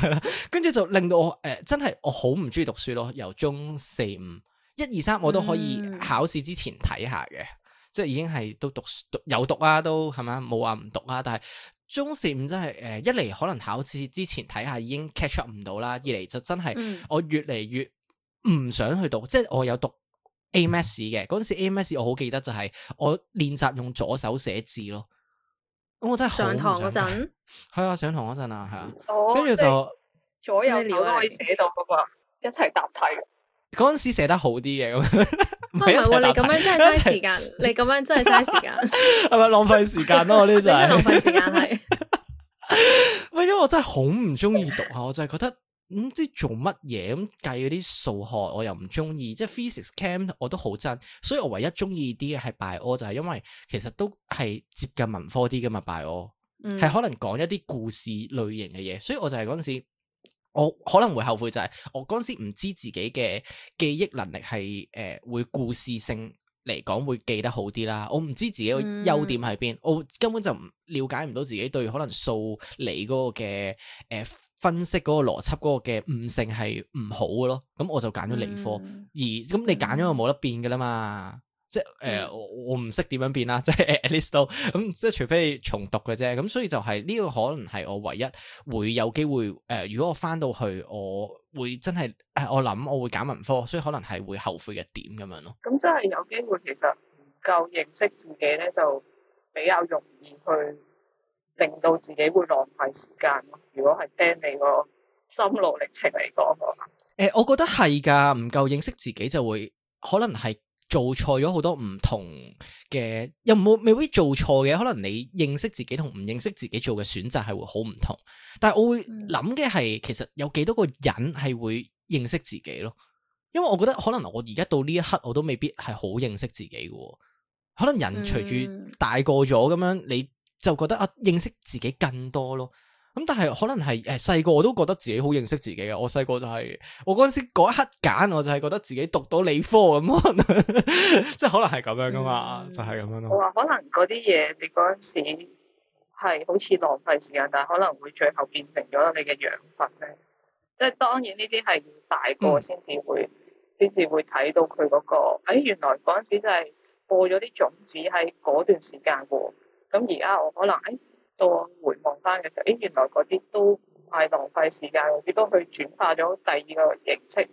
個？跟住著 就令到我誒、呃，真係我好唔中意讀書咯。由中四、五、一二、三，我都可以考試之前睇下嘅，嗯、即係已經係都讀讀有讀啊，都係咪？冇話唔讀啊。但係中四、五真係誒、呃，一嚟可能考試之前睇下已經 catch up 唔到啦，二嚟就真係我越嚟越唔想去讀，嗯、即係我有讀。A. M. S. 嘅嗰陣時，A. M. S. 我好記得就係我練習用左手寫字咯。咁我真係上堂嗰陣，係啊，上堂嗰陣啊，係啊。哦，跟住就左右手都可以寫到噶嘛，一齊 答題。嗰陣時寫得好啲嘅，咁唔係你咁樣真係嘥時間，你咁 樣真係嘥時間，係咪 浪費時間咯？呢啲係浪費時間係。唔係因為我真係好唔中意讀下，我真係覺得。唔知做乜嘢，咁計嗰啲數學我又唔中意，即係 physics、chem 我都好憎，所以我唯一中意啲嘅係 Bio 就係、是、因為其實都係接近文科啲噶嘛，Bio 係、嗯、可能講一啲故事類型嘅嘢，所以我就係嗰陣時我可能會後悔就係、是、我嗰陣時唔知自己嘅記憶能力係誒、呃、會故事性嚟講會記得好啲啦，我唔知自己嘅優點喺邊，嗯、我根本就唔了解唔到自己對可能數理嗰個嘅誒。呃分析嗰個邏輯嗰個嘅誤性係唔好嘅咯，咁我就揀咗理科。嗯、而咁你揀咗就冇得變嘅啦嘛，即係誒、呃、我唔識點樣變啦，即係 at least 咁，即係除非你重讀嘅啫。咁所以就係呢個可能係我唯一會有機會誒、呃，如果我翻到去，我會真係誒、呃，我諗我會揀文科，所以可能係會後悔嘅點咁樣咯。咁真係有機會其實唔夠認識自己咧，就比較容易去，令到自己會浪費時間咯。如果係聽你個心路歷程嚟講嘅話，誒，我覺得係噶，唔夠認識自己就會可能係做錯咗好多唔同嘅，又冇未必做錯嘅。可能你認識自己同唔認識自己做嘅選擇係會好唔同。但係我會諗嘅係，嗯、其實有幾多個人係會認識自己咯？因為我覺得可能我而家到呢一刻，我都未必係好認識自己嘅。可能人隨住大個咗咁樣，嗯、你。就覺得啊，認識自己更多咯。咁但係可能係誒，細、哎、個我都覺得自己好認識自己嘅。我細個就係、是、我嗰陣時嗰一刻揀，我就係覺得自己讀到理科咁， 即係可能係咁樣噶嘛，嗯、就係咁樣咯。我話可能嗰啲嘢，你嗰陣時係好似浪費時間，但係可能會最後變成咗你嘅養分咧。即係當然呢啲係大、嗯個先至會先至會睇到佢嗰個誒，原來嗰陣時就係播咗啲種子喺嗰段時間噶。咁而家我, li, 我、呃、可能，哎，到我回望翻嘅時候，哎，原來嗰啲都唔係浪費時間，只不過去轉化咗第二個形式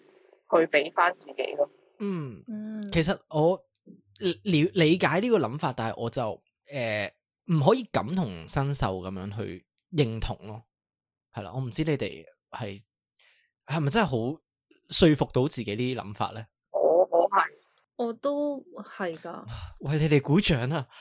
去俾翻自己咯。嗯，嗯，其實我了理解呢個諗法，但係我就誒唔、呃、可以感同身受咁樣去認同咯。係啦，我唔知你哋係係咪真係好說服到自己呢啲諗法咧？我我係，我都係噶，為你哋鼓掌啊！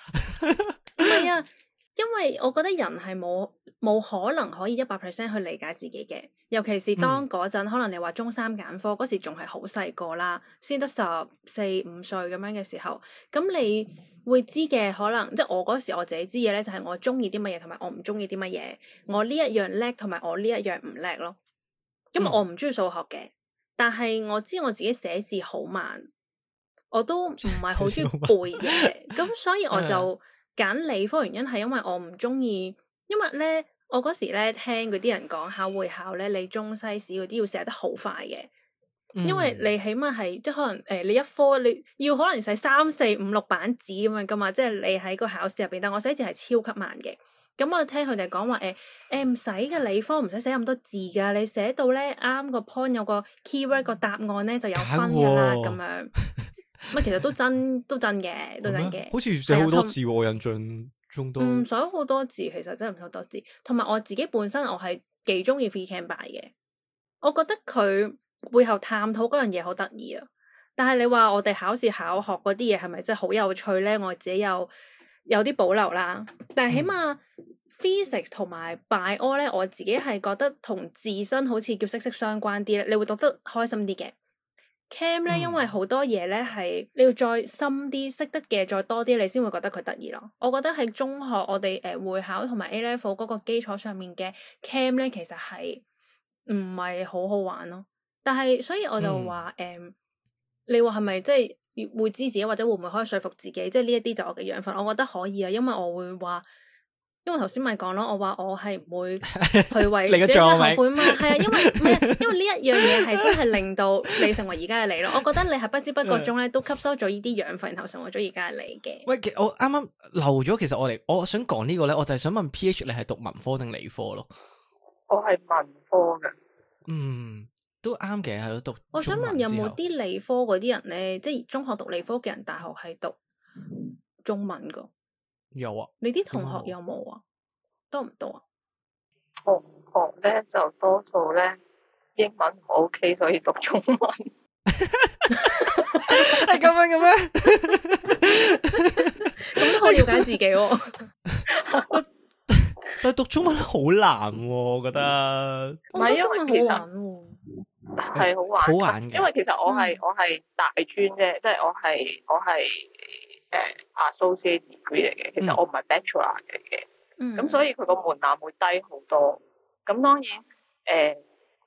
因為我覺得人係冇冇可能可以一百 percent 去理解自己嘅。尤其是當嗰陣、嗯、可能你話中三揀科嗰時，仲係好細個啦，先得十四五歲咁樣嘅時候，咁你會知嘅可能，即係我嗰時我自己知嘢咧，就係、是、我中意啲乜嘢，同埋我唔中意啲乜嘢，我呢一樣叻，同埋我呢一樣唔叻咯。咁我唔中意數學嘅，嗯、但係我知我自己寫字好慢，我都唔係好中意背嘅，咁 所以我就。 揀理科原因係因為我唔中意，因為咧我嗰時咧聽嗰啲人講考會考咧，你中西史嗰啲要寫得好快嘅，因為你起碼係即係可能誒、欸，你一科你要可能寫三四五六版紙咁樣噶嘛，即係你喺個考試入邊，但我寫字係超級慢嘅。咁我聽佢哋講話，誒誒唔使嘅，理科唔使寫咁多字噶，你寫到咧啱個 point 有個 keyword 個答案咧就有分噶啦，咁的樣。唔其實都真都真嘅，都真嘅。嗎真好似寫好多字，啊，我印象中都唔想好多字，其實真係寫好多字。同埋我自己本身我，我係幾中意 physics and bio 嘅。我覺得佢背後探討嗰樣嘢好得意啊！但係你話我哋考試考學嗰啲嘢係咪真係好有趣咧？我自己又有啲保留啦。但係起碼、嗯、physics 同埋 bio 咧，我自己係覺得同自身好似叫息息相關啲咧，你會讀得開心啲嘅。Cam 咧，因為好多嘢咧係你要再深啲，識得嘅再多啲，你先會覺得佢得意咯。我覺得喺中學我哋誒、呃、會考同埋 A Level 嗰個基礎上面嘅 Cam 咧，其實係唔係好好玩咯。但係所以我就話誒，嗯 um，你話係咪即係會知自己或者會唔會可以說服自己？即係呢一啲就我嘅養分，我覺得可以啊，因為我會話。因為頭先咪講咯，我話我係唔會去為自己後悔嘛，係啊 狀， 因為咩？因為呢一樣嘢係真係令到你成為而家嘅你咯。我覺得你係不知不覺中咧都吸收咗呢啲養分，然後成為咗而家嘅你嘅。喂，我啱啱漏咗，其實我嚟，我想講呢、這個咧，我就係想問 PH，你係讀文科定理科咯？我係文科嘅，嗯，都啱嘅喺度讀。我想問有冇啲理科嗰啲人咧，即係中學讀理科嘅人，大學係讀中文噶？有啊，你啲同學有冇啊？多唔多啊？同學呢就多數呢英文 OK，所以讀中文係咁樣咁樣，咁都好了解自己。但係讀中文好難，啊，我覺得。唔係是因為其實係好玩，欸，好玩嘅。因為其實我係、嗯、我係大專啫，即、就、係、是、我係我係。我誒，associate degree 嚟嘅，其實我唔係 bachelor 嚟嘅，咁、嗯、所以佢個門檻會低好多。咁當然，誒、呃，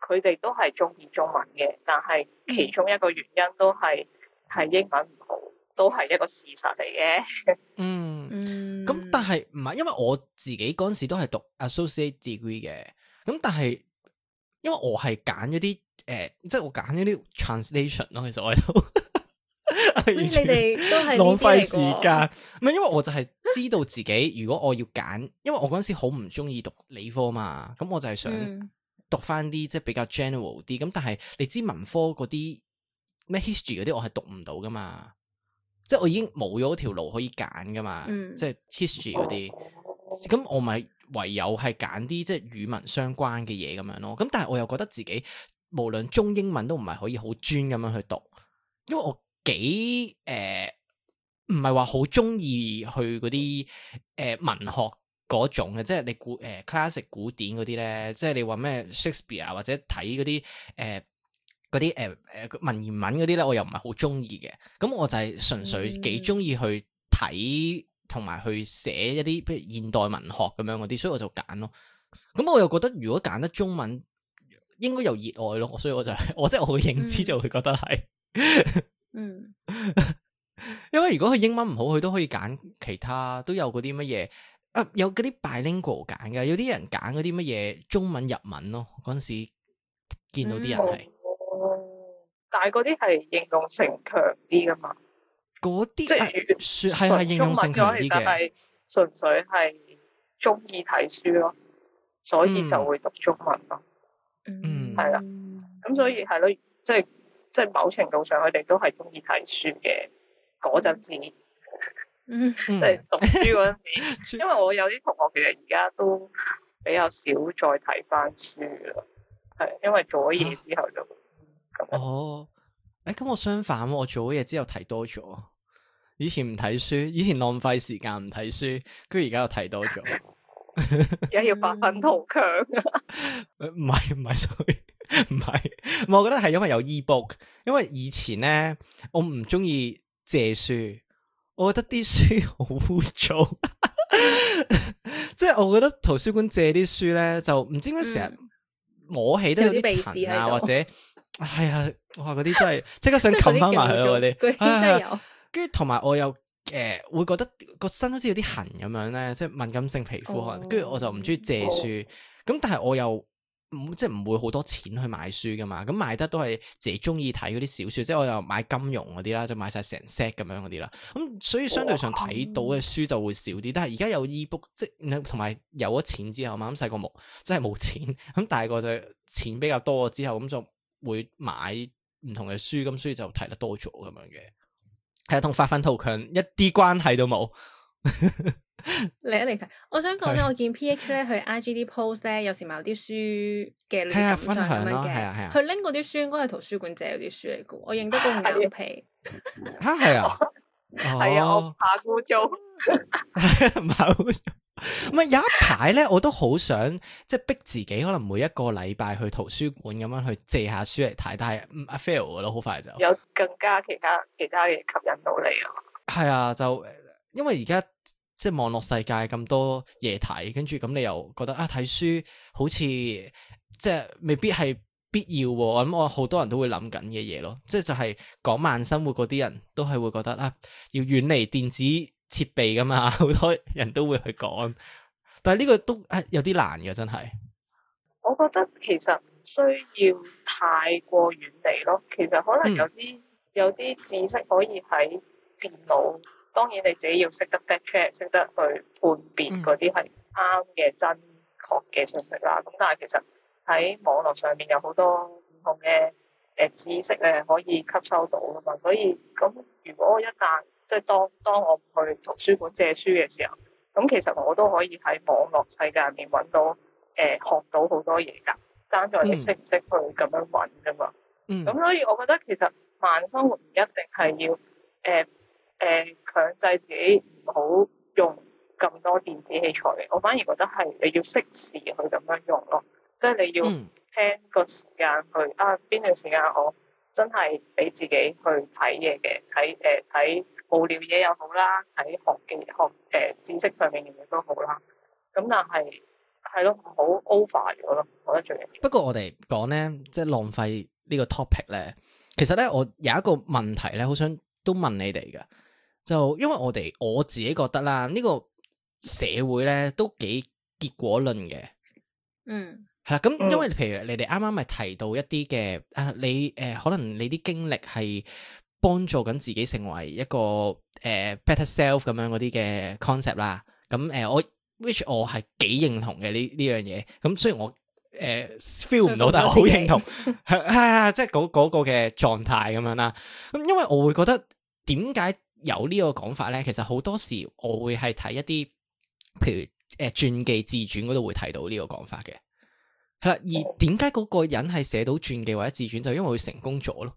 佢哋都係中意中文嘅，但係其中一個原因都係係英文唔好，都係一個事實嚟嘅。嗯，咁、 嗯、但係唔係，因為我自己嗰陣時都係讀 associate degree 嘅，咁但係因為我係揀咗啲誒，即係我揀咗啲 translation 咯，其實我都。 你哋都係浪費時間，唔係 因為我就係知道自己如果我要揀， 因為我嗰陣時好唔中意讀理科嘛，咁我就係想讀翻啲即係比較 general 啲，咁但係你知文科嗰啲咩 history 嗰啲，我係讀唔到噶嘛，即係我已經冇咗條路可以揀噶嘛，即係 history 嗰啲，咁我咪唯有係揀啲即係語文相關嘅嘢，咁樣咯，咁但係我又覺得自己無論中英文都唔係可以好專咁樣去讀，因為我。幾誒，唔係話好中意去嗰啲誒文學嗰種嘅，即係你古誒、呃、classic 古典嗰啲咧，即係你話咩 Shakespeare 啊，或者睇嗰啲誒嗰啲誒誒文言文嗰啲咧，我又唔係好中意嘅。咁我就係純粹幾中意去睇同埋去寫一啲譬如現代文學咁樣嗰啲，所以我就揀咯。咁我又覺得如果揀得中文，應該又熱愛咯。所以我就係我即、就、係、係、我嘅認知就會覺得係、嗯。嗯， 因為如果佢英文唔好，佢都可以揀其他，都有嗰啲乜嘢啊，有嗰啲 bilingual 揀嘅，有啲人揀嗰啲乜嘢中文日文咯，嗰陣時見到啲人係、嗯嗯，但係嗰啲係應用性強啲噶嘛，嗰啲些即係說係係應用性強啲嘅，純、嗯嗯、粹係中意睇書咯，所以就會讀中文咯，嗯，係啦、嗯，咁所以係咯，即係、嗯。嗯嗯即係某程度上，佢哋都係中意睇書嘅嗰陣時，嗯、 即係讀書嗰陣時。 因為我有啲同學其實而家都比較少再睇翻書啦，係因為做咗嘢之後就、啊、哦，誒、欸，咁我相反，我做咗嘢之後睇多咗。以前唔睇書，以前浪費時間唔睇書，跟住而家又睇多咗，而家要發奮圖強。唔係唔係唔係，我覺得係因為有 ebook，因為以前咧，我唔中意借書，我覺得啲書好污糟，即 係我覺得圖書館借啲書咧，就唔知點解成日摸起都有啲塵啊，或者係啊、哎，哇，嗰啲真係即刻想冚翻埋佢嗰啲，跟住同埋我又誒、呃、會覺得個身好似有啲痕咁樣咧，即係敏感性皮膚可能，跟住、oh. 我就唔中意借書，咁、oh. 但係我又。唔，即係唔會好多錢去買書噶嘛，咁買得都係自己中意睇嗰啲小說，即係我又買金融嗰啲啦，就買晒成 set 咁樣嗰啲啦。咁、嗯、所以相對上睇到嘅書就會少啲。但係而家有 ebook，即係同埋有咗錢之後，嘛，咁細個冇，真係冇錢。咁、嗯、大個就錢比較多之後，咁、嗯、就會買唔同嘅書，咁所以就睇得多咗咁樣嘅。係、嗯、啊，同發奮圖強一啲關係都冇。 嚟一嚟睇，我想講咧，是我見 P H 咧去 I G 啲 post 咧，有時咪有啲書嘅、啊、分享咁嘅，係啊係啊，佢拎嗰啲書應該係圖書館借嗰啲書嚟嘅，我認得個牛皮，吓係啊，係 啊，我怕污糟，唔係、哦，唔係、啊， 有一排咧，我都好想即係逼自己，可能每一個禮拜去圖書館咁樣去借下書嚟睇，但係唔 affail 嘅咯，好快就有更加其他其他嘢吸引到你啊，係啊，就因為而家。即係網絡世界咁多嘢睇，跟住咁你又覺得啊睇書好似即係未必係必要喎。咁我好多人都會諗緊嘅嘢咯，即係就係講慢生活嗰啲人都係會覺得啊，要遠離電子設備噶嘛。好多人都會去講，但係呢個都、啊、有啲難嘅，真係。我覺得其實唔需要太過遠離咯。其實可能有啲、嗯、有啲知識可以喺電腦。當然你自己要識得 backcheck，識得去判別嗰啲係啱嘅真確嘅信息啦。咁但係其實喺網絡上面有好多唔同嘅誒、呃、知識誒可以吸收到㗎嘛。所以咁如果我一旦即係、就是、當當我唔去圖書館借書嘅時候，咁其實我都可以喺網絡世界入面揾到誒、呃、學到好多嘢㗎。爭在你識唔識去咁樣揾㗎嘛。咁、mm. 所以我覺得其實慢生活唔一定係要誒。呃誒，強制自己唔好用咁多電子器材嘅，我反而覺得係你要適時去咁樣用咯，即係你要 plan、嗯啊、個時間去啊，邊段時間我真係俾自己去睇嘢嘅，睇誒睇無聊嘢又好啦，睇學嘅學誒、呃、知識上面嘅嘢都好啦。咁但係係咯，唔好 over 咗咯，我覺得最緊要。不過我哋講咧，即係浪費呢個 topic 咧，其實咧我有一個問題咧，好想都問你哋嘅。就因為我哋我自己覺得啦，呢個社會咧都幾結果論嘅，嗯，係啦。咁因為譬如你哋啱啱咪提到一啲嘅，啊，你誒可能你啲經歷係幫助緊自己成為一個誒 better self 咁樣嗰啲嘅 concept 啦。咁誒，我 which 我係幾認同嘅呢呢樣嘢。咁雖然我誒 feel 唔到，但係我好認同，係啊，即係嗰嗰個嘅狀態咁樣啦。咁因為我會覺得點解？有個呢個講法咧，其實好多時我會係睇一啲，譬如誒呃、傳記自傳嗰度會睇到呢個講法嘅，係啦。而點解嗰個人係寫到傳記或者自傳，就因為佢成功咗咯。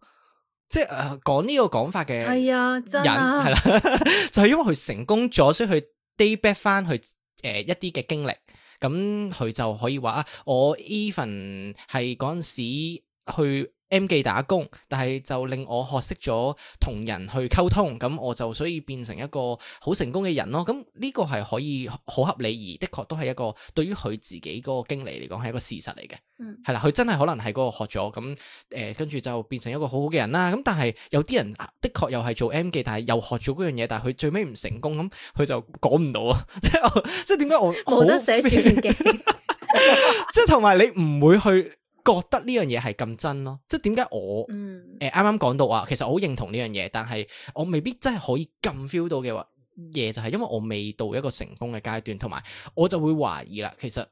即係誒講呢個講法嘅係、哎、啊，人係對啦， 就係因為佢成功咗，所以佢 day back 翻去誒、呃、一啲嘅經歷，咁佢就可以話啊，我 even 係嗰陣時去。M 記打工，但係就令我學識咗同人去溝通，咁我就所以變成一個好成功嘅人咯。咁呢個係可以好合理，而的確都係一個對於佢自己嗰個經歷嚟講係一個事實嚟嘅。嗯，係啦，佢真係可能係嗰個學咗，咁誒，跟、呃、住就變成一個好好嘅人啦。咁但係有啲人的確又係做 M 記，但係又學咗嗰樣嘢，但係佢最尾唔成功，咁佢就講唔到啊！即係即係點解我冇得寫傳記？即係同埋你唔會去。覺得呢樣嘢係咁真咯，即係點解我誒啱啱講到話，其實我好認同呢樣嘢，但係我未必真係可以咁 feel 到嘅話嘢就係、是、因為我未到一個成功嘅階段，同埋我就會懷疑啦。其實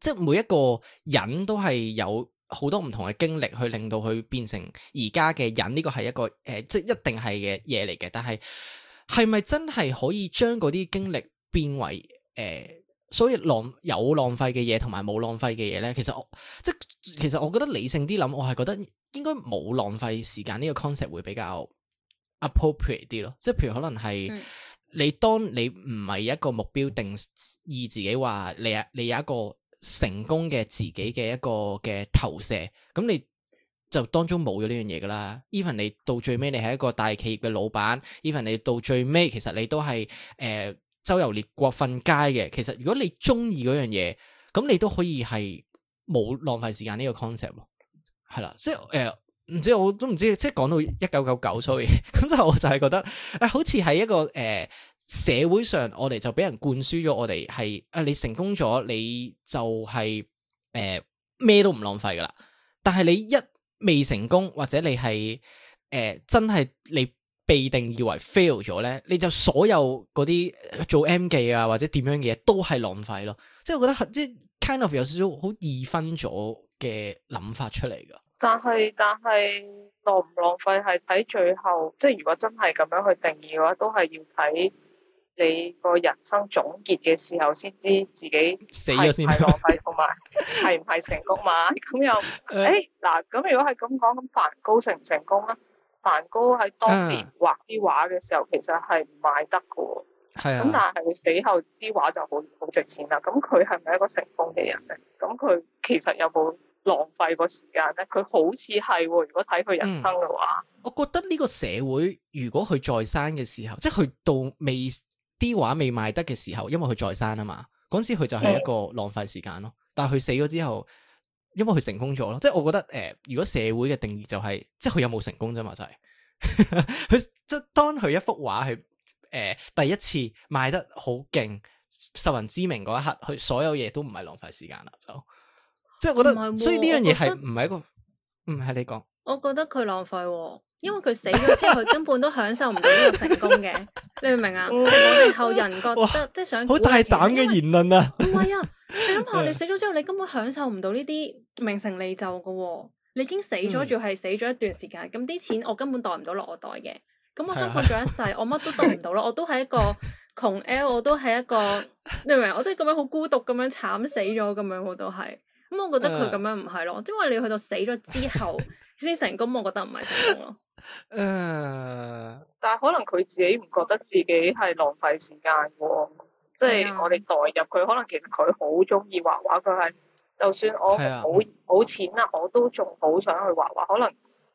即係每一個人都係有好多唔同嘅經歷去令到佢變成而家嘅人，呢、這個係一個誒、呃，即係一定係嘅嘢嚟嘅。但係係咪真係可以將嗰啲經歷變為誒？呃所以浪有浪費嘅嘢同埋冇浪費嘅嘢咧，其實我即係其實我覺得理性啲諗，我係覺得應該冇浪費時間呢個 concept 會比較 appropriate 啲咯。即係譬如可能係、嗯、你當你唔係一個目標定義自己話你啊，你有一個成功嘅自己嘅一個嘅投射，咁你就當中冇咗呢樣嘢噶啦。Even 你到最尾你係一個大企業嘅老闆，Even 你到最尾其實你都係誒。呃周遊列國、瞓街嘅，其實如果你中意嗰樣嘢，咁你都可以係冇浪費時間呢個 concept 咯，係啦，即係誒，唔、呃、知我都唔知，即係講到一九九九 sorry，咁就我就係覺得誒、呃，好似係一個誒、呃、社會上我哋就俾人灌輸咗我哋係啊，你成功咗你就係誒咩都唔浪費噶啦，但係你一未成功或者你係誒、呃、真係你。被定義為 fail 咗咧，你就所有嗰啲做 M 記啊或者點樣嘅嘢都係浪費咯。即係我覺得即係 kind of 有少少好二分咗嘅諗法出嚟噶。但係但係浪唔浪費係睇最後，即係如果真係咁樣去定義嘅話，都係要睇你個人生總結嘅時候先知自己死咗先浪費，同埋係唔係成功嘛？咁又誒嗱，咁、 欸、如果係咁講，咁梵高成唔成功啊？梵高喺當年畫啲畫嘅時候，其實係唔賣得嘅，咁、啊、但係佢死後啲畫就好好值錢啦。咁佢係咪一個成功嘅人咧？咁佢其實有冇浪費過時間咧？佢好似係喎，如果睇佢人生嘅話，嗯，我覺得呢個社會如果佢在生嘅時候，即係佢到未啲畫未賣得嘅時候，因為佢在生啊嘛，嗰陣時佢就係一個浪費時間咯。嗯、但係佢死咗之後，因為佢成功咗咯，即、就、係、是、我覺得，誒、呃，如果社會嘅定義就係、是，即係佢有冇成功啫嘛，就係佢即係當佢一幅畫係誒第一次賣得好勁、受人知名嗰一刻，佢所有嘢都唔係浪費時間啦，就即係、就是、覺得，所以呢樣嘢係唔係一個，唔係你講，我覺得佢浪費，因為佢死咗之後佢根本都享受唔到呢個成功嘅， 你明唔明啊？哇我哋後人覺得即係、就是、想好大膽嘅言論啊！唔 係啊，你諗下，你死咗之後，你根本享受唔到呢啲。名成利就嘅、哦，你已經死咗，仲係、嗯、死咗一段時間。咁啲錢我根本袋唔到落我袋嘅。咁 我辛苦咗一世，我乜都袋唔到咯。我都係一個窮 L，我都係一個， 你明唔明？我即係咁樣好孤獨咁樣慘死咗咁樣，我都係。咁我覺得佢咁樣唔係咯，即係、呃、你去到死咗之後先成功， 我覺得唔係成功咯。誒，但係可能佢自己唔覺得自己係浪費時間嘅，即係我哋代入佢，可能其實佢好中意畫畫，佢係。就算我好冇錢啦，的我都仲好想去畫畫。可能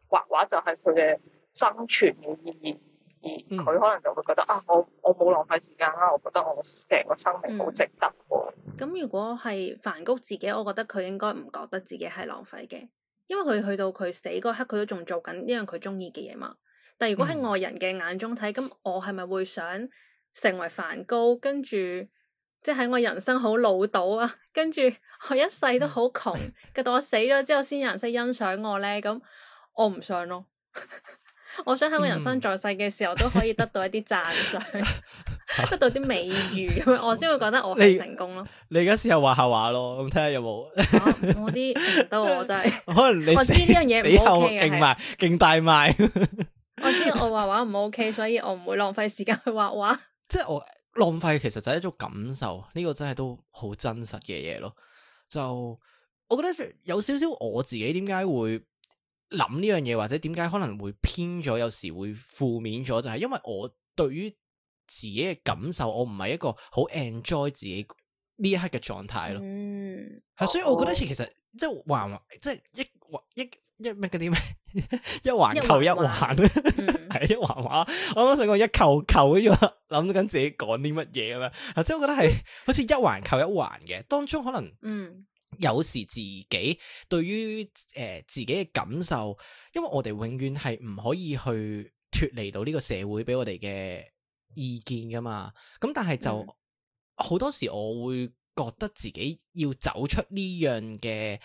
畫畫就係佢嘅生存嘅意義，而佢可能就會覺得、嗯、啊，我我冇浪費時間啦，我覺得我成個生命好值得喎。咁、嗯、如果係梵高自己，我覺得佢應該唔覺得自己係浪費嘅，因為佢去到佢死嗰刻，佢都仲做緊一樣佢中意嘅嘢嘛。但如果喺外人嘅眼中睇，咁、嗯、我係咪會想成為梵高，跟住？即係喺我人生好老到，啊，跟住我一世都好窮，到我死咗之後先有人識欣賞我咧，咁我唔想咯。 我想喺我人生在世嘅時候都可以得到一啲讚賞， 得到啲美譽，咁 我先會覺得我係成功咯。你而家試下畫下畫咯，咁睇下有冇 、啊？我啲唔得我真係， 死我可能你知呢樣嘢唔 OK 勁賣勁大賣， 我知我畫畫唔 OK，所以我唔會浪費時間去畫畫。即係我。浪費其實就係一種感受，呢、這個真係都好真實嘅嘢咯。就我覺得有少少我自己點解會諗呢樣嘢，或者點解可能會偏咗，有時會負面咗，就係、是、因為我對於自己嘅感受，我唔係一個好 enjoy 自己呢一刻嘅狀態咯。係、嗯嗯，所以我覺得其實哦哦即係話，即係一話一。一乜啲咩？ 一環扣一環咧，係一環畫。我都想講一扣扣咗，諗緊自己講啲乜嘢啦。即係我覺得係好似一環扣一環嘅 當中，可能有時自己對於誒、呃、自己嘅感受，因為我哋永遠係唔可以去脫離到呢個社會俾我哋嘅意見噶嘛。咁、 嗯、但係就好、嗯、多時我會覺得自己要走出呢樣嘅。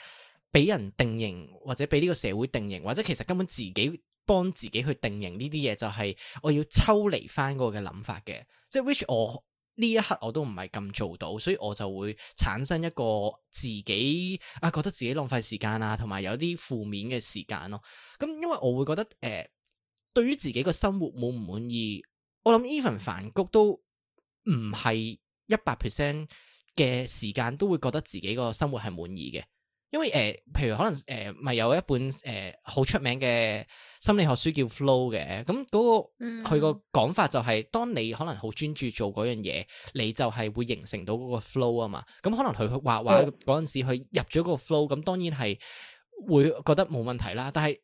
俾人定型，或者俾呢個社會定型，或者其實根本自己幫自己去定型呢啲嘢，就係、是、我要抽離返嗰個嘅諗法嘅。即係 which 我呢一刻我都唔係咁做到，所以我就會產生一個自己啊覺得自己浪費時間啊，同埋有啲負面嘅時間咯、啊。咁、嗯、因為我會覺得誒、呃，對於自己個生活滿唔滿意？我諗 even 梵谷都唔係一百 percent 嘅時間都會覺得自己個生活係滿意嘅。因為誒、呃，譬如可能誒，咪、呃呃、有一本誒好出名嘅心理學書叫 Flow 嘅，咁、嗯、嗰、那個佢個講法就係、是，當你可能好專注做嗰樣嘢，你就係會形成到嗰個 flow 啊嘛。咁、嗯、可能佢畫畫嗰陣時，佢入咗個 flow，咁、嗯、當然係會覺得冇問題啦。但係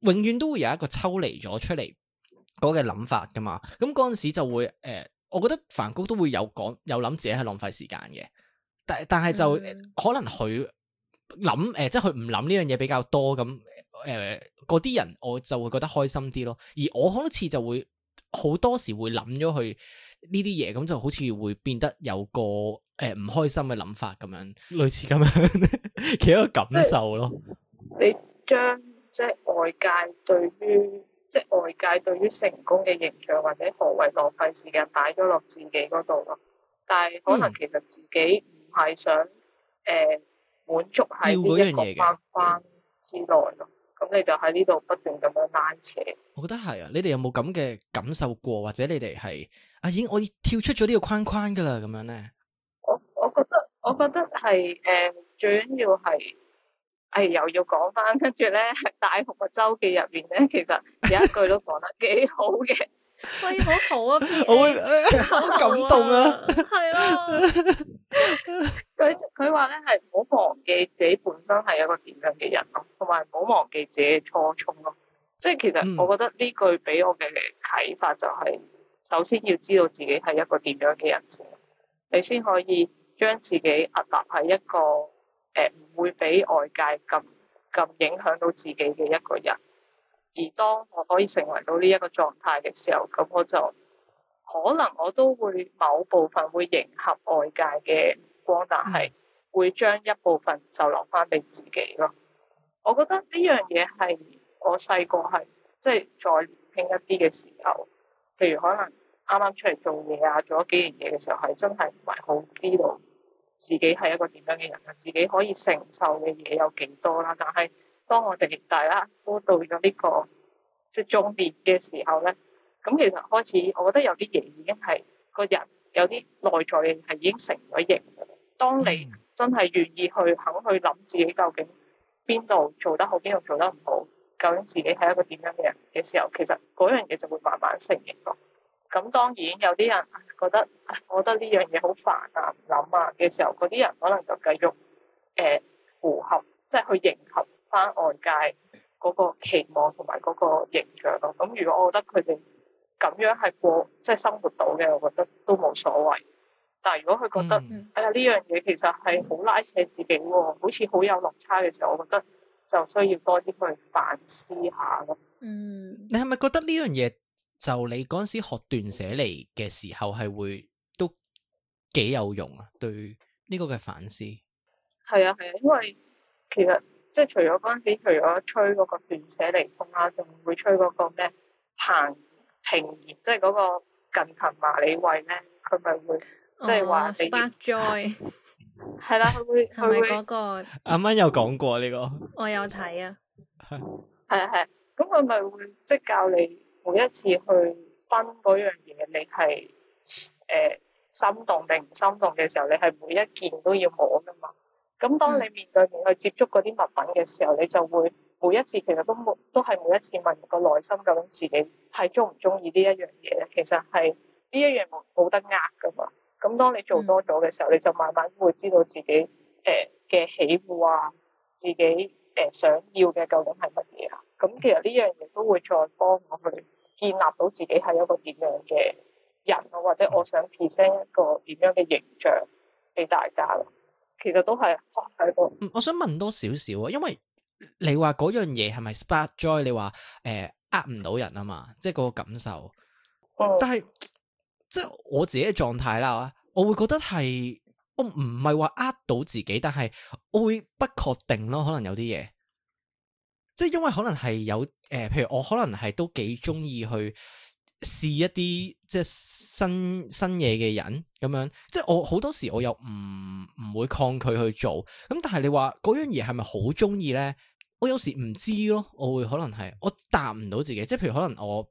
永遠都會有一個抽離咗出嚟嗰個諗法噶嘛。咁嗰陣時就會誒，我覺得梵高都會有講有諗自己係浪費時間嘅，但但係就可能佢。嗯嗯嗯嗯諗誒、呃，即係佢唔諗呢樣嘢比較多咁，誒嗰啲人我就會覺得開心啲咯。而我好多次就會好多時會諗咗佢呢啲嘢，咁就好似會變得有個誒唔、呃、開心嘅諗法咁樣，類似咁樣 其一個感受咯你將，你將即係外界對於即係外界對於成功嘅形象或者何謂浪費時間擺咗落自己嗰度咯，但係可能其實自己唔係想誒。呃滿足喺呢一嘅框框之內咯，咁你就喺呢度不斷咁樣拉扯。我覺得係啊，你哋有冇咁嘅感受過？或者你哋係阿英，啊、已經我跳出咗呢個框框噶啦，咁樣咧？我我覺得，我覺得係誒、呃，最緊要係，誒、哎、又要講翻，跟住咧，大雄嘅周記入面咧，其實有一句都講得幾好嘅。 喂，好好啊，P、我好感動啊，係啊，佢佢話咧係唔好忘記自己本身係一個點樣嘅人咯，同埋唔好忘記自己嘅初衷咯，即係其實我覺得呢句俾我嘅啟發就係、是，嗯、首先要知道自己係一個點樣嘅人，先，你先可以將自己屹立喺一個誒唔、呃、會俾外界咁咁影響到自己嘅一個人。而當我可以成為到呢一個狀態嘅時候，咁我就可能我都會某部分會迎合外界嘅光，但係會將一部分就留翻俾自己咯。我覺得呢樣嘢係我細個係即係再年輕，輕一啲嘅時候，譬如可能啱啱出嚟做嘢啊，做咗幾年嘢嘅時候，係真係唔係好知道自己係一個點樣嘅人啊，自己可以承受嘅嘢有幾多啦，但係，當我哋大家都到咗呢個即係中年嘅時候咧，咁其實開始，我覺得有啲嘢已經係個人有啲內在嘅係已經成咗型。當你真係願意去肯去諗自己究竟邊度做得好，邊度做得唔好，究竟自己係一個點樣嘅人嘅時候，其實嗰樣嘢就會慢慢成型咯。咁當然有啲人覺得我覺得呢樣嘢好煩啊，唔諗啊嘅時候，嗰啲人可能就繼續誒符合，即係去迎合翻外界嗰個期望同埋嗰個形象咯，咁如果我覺得佢哋咁樣係過即係生活到嘅，我覺得都冇所謂。但係如果佢覺得，嗯、哎呀呢樣嘢其實係好拉扯自己喎，嗯、好似好有落差嘅時候，我覺得就需要多啲去反思下咯。嗯，你係咪覺得呢樣嘢就你嗰陣時學斷捨離嘅時候係會都幾有用啊？對呢個嘅反思。係啊係啊，因為其實。即係除咗嗰陣時，除咗吹嗰個斷捨離風啦，仲會吹嗰個咩怦然，即係嗰個近藤麻理惠咧，佢咪會、哦、即係話俾你聽，係啦，佢、嗯嗯、會係咪嗰個？啱啱有講過呢、這個，我有睇啊，係係係。咁佢咪會即係、就是、教你每一次去分嗰樣嘢，你係誒、呃、心動定唔心動嘅時候，你係每一件都要摸噶嘛。咁、嗯、當你面對面去接觸嗰啲物品嘅時候，你就會每一次其實都冇都係每一次問個內心究竟自己係鍾唔鍾意呢一樣嘢咧。其實係呢一樣冇得呃㗎嘛。咁當你做多咗嘅時候，你就慢慢會知道自己誒嘅喜好啊，自己誒、呃、想要嘅究竟係乜嘢啊。咁、嗯、其實呢樣嘢都會再幫我去建立到自己係一個點樣嘅人啊，或者我想 present 一個點樣嘅形象俾大家啦。其實都係我想問多少少啊，因為你話嗰樣嘢係咪 spark joy？你話誒呃唔到人啊嘛，即係嗰個感受。但係、oh. 即係我自己嘅狀態啦，我會覺得係我唔係話呃到自己，但係我會不確定咯。可能有啲嘢，即係因為可能係有誒、呃，譬如我可能係都幾中意去。試一啲即係新新嘢嘅人咁樣，即係我好多時我又唔唔會抗拒去做，咁但係你話嗰樣嘢係咪好中意咧？我有時唔知咯，我會可能係我答唔到自己，即係譬如可能我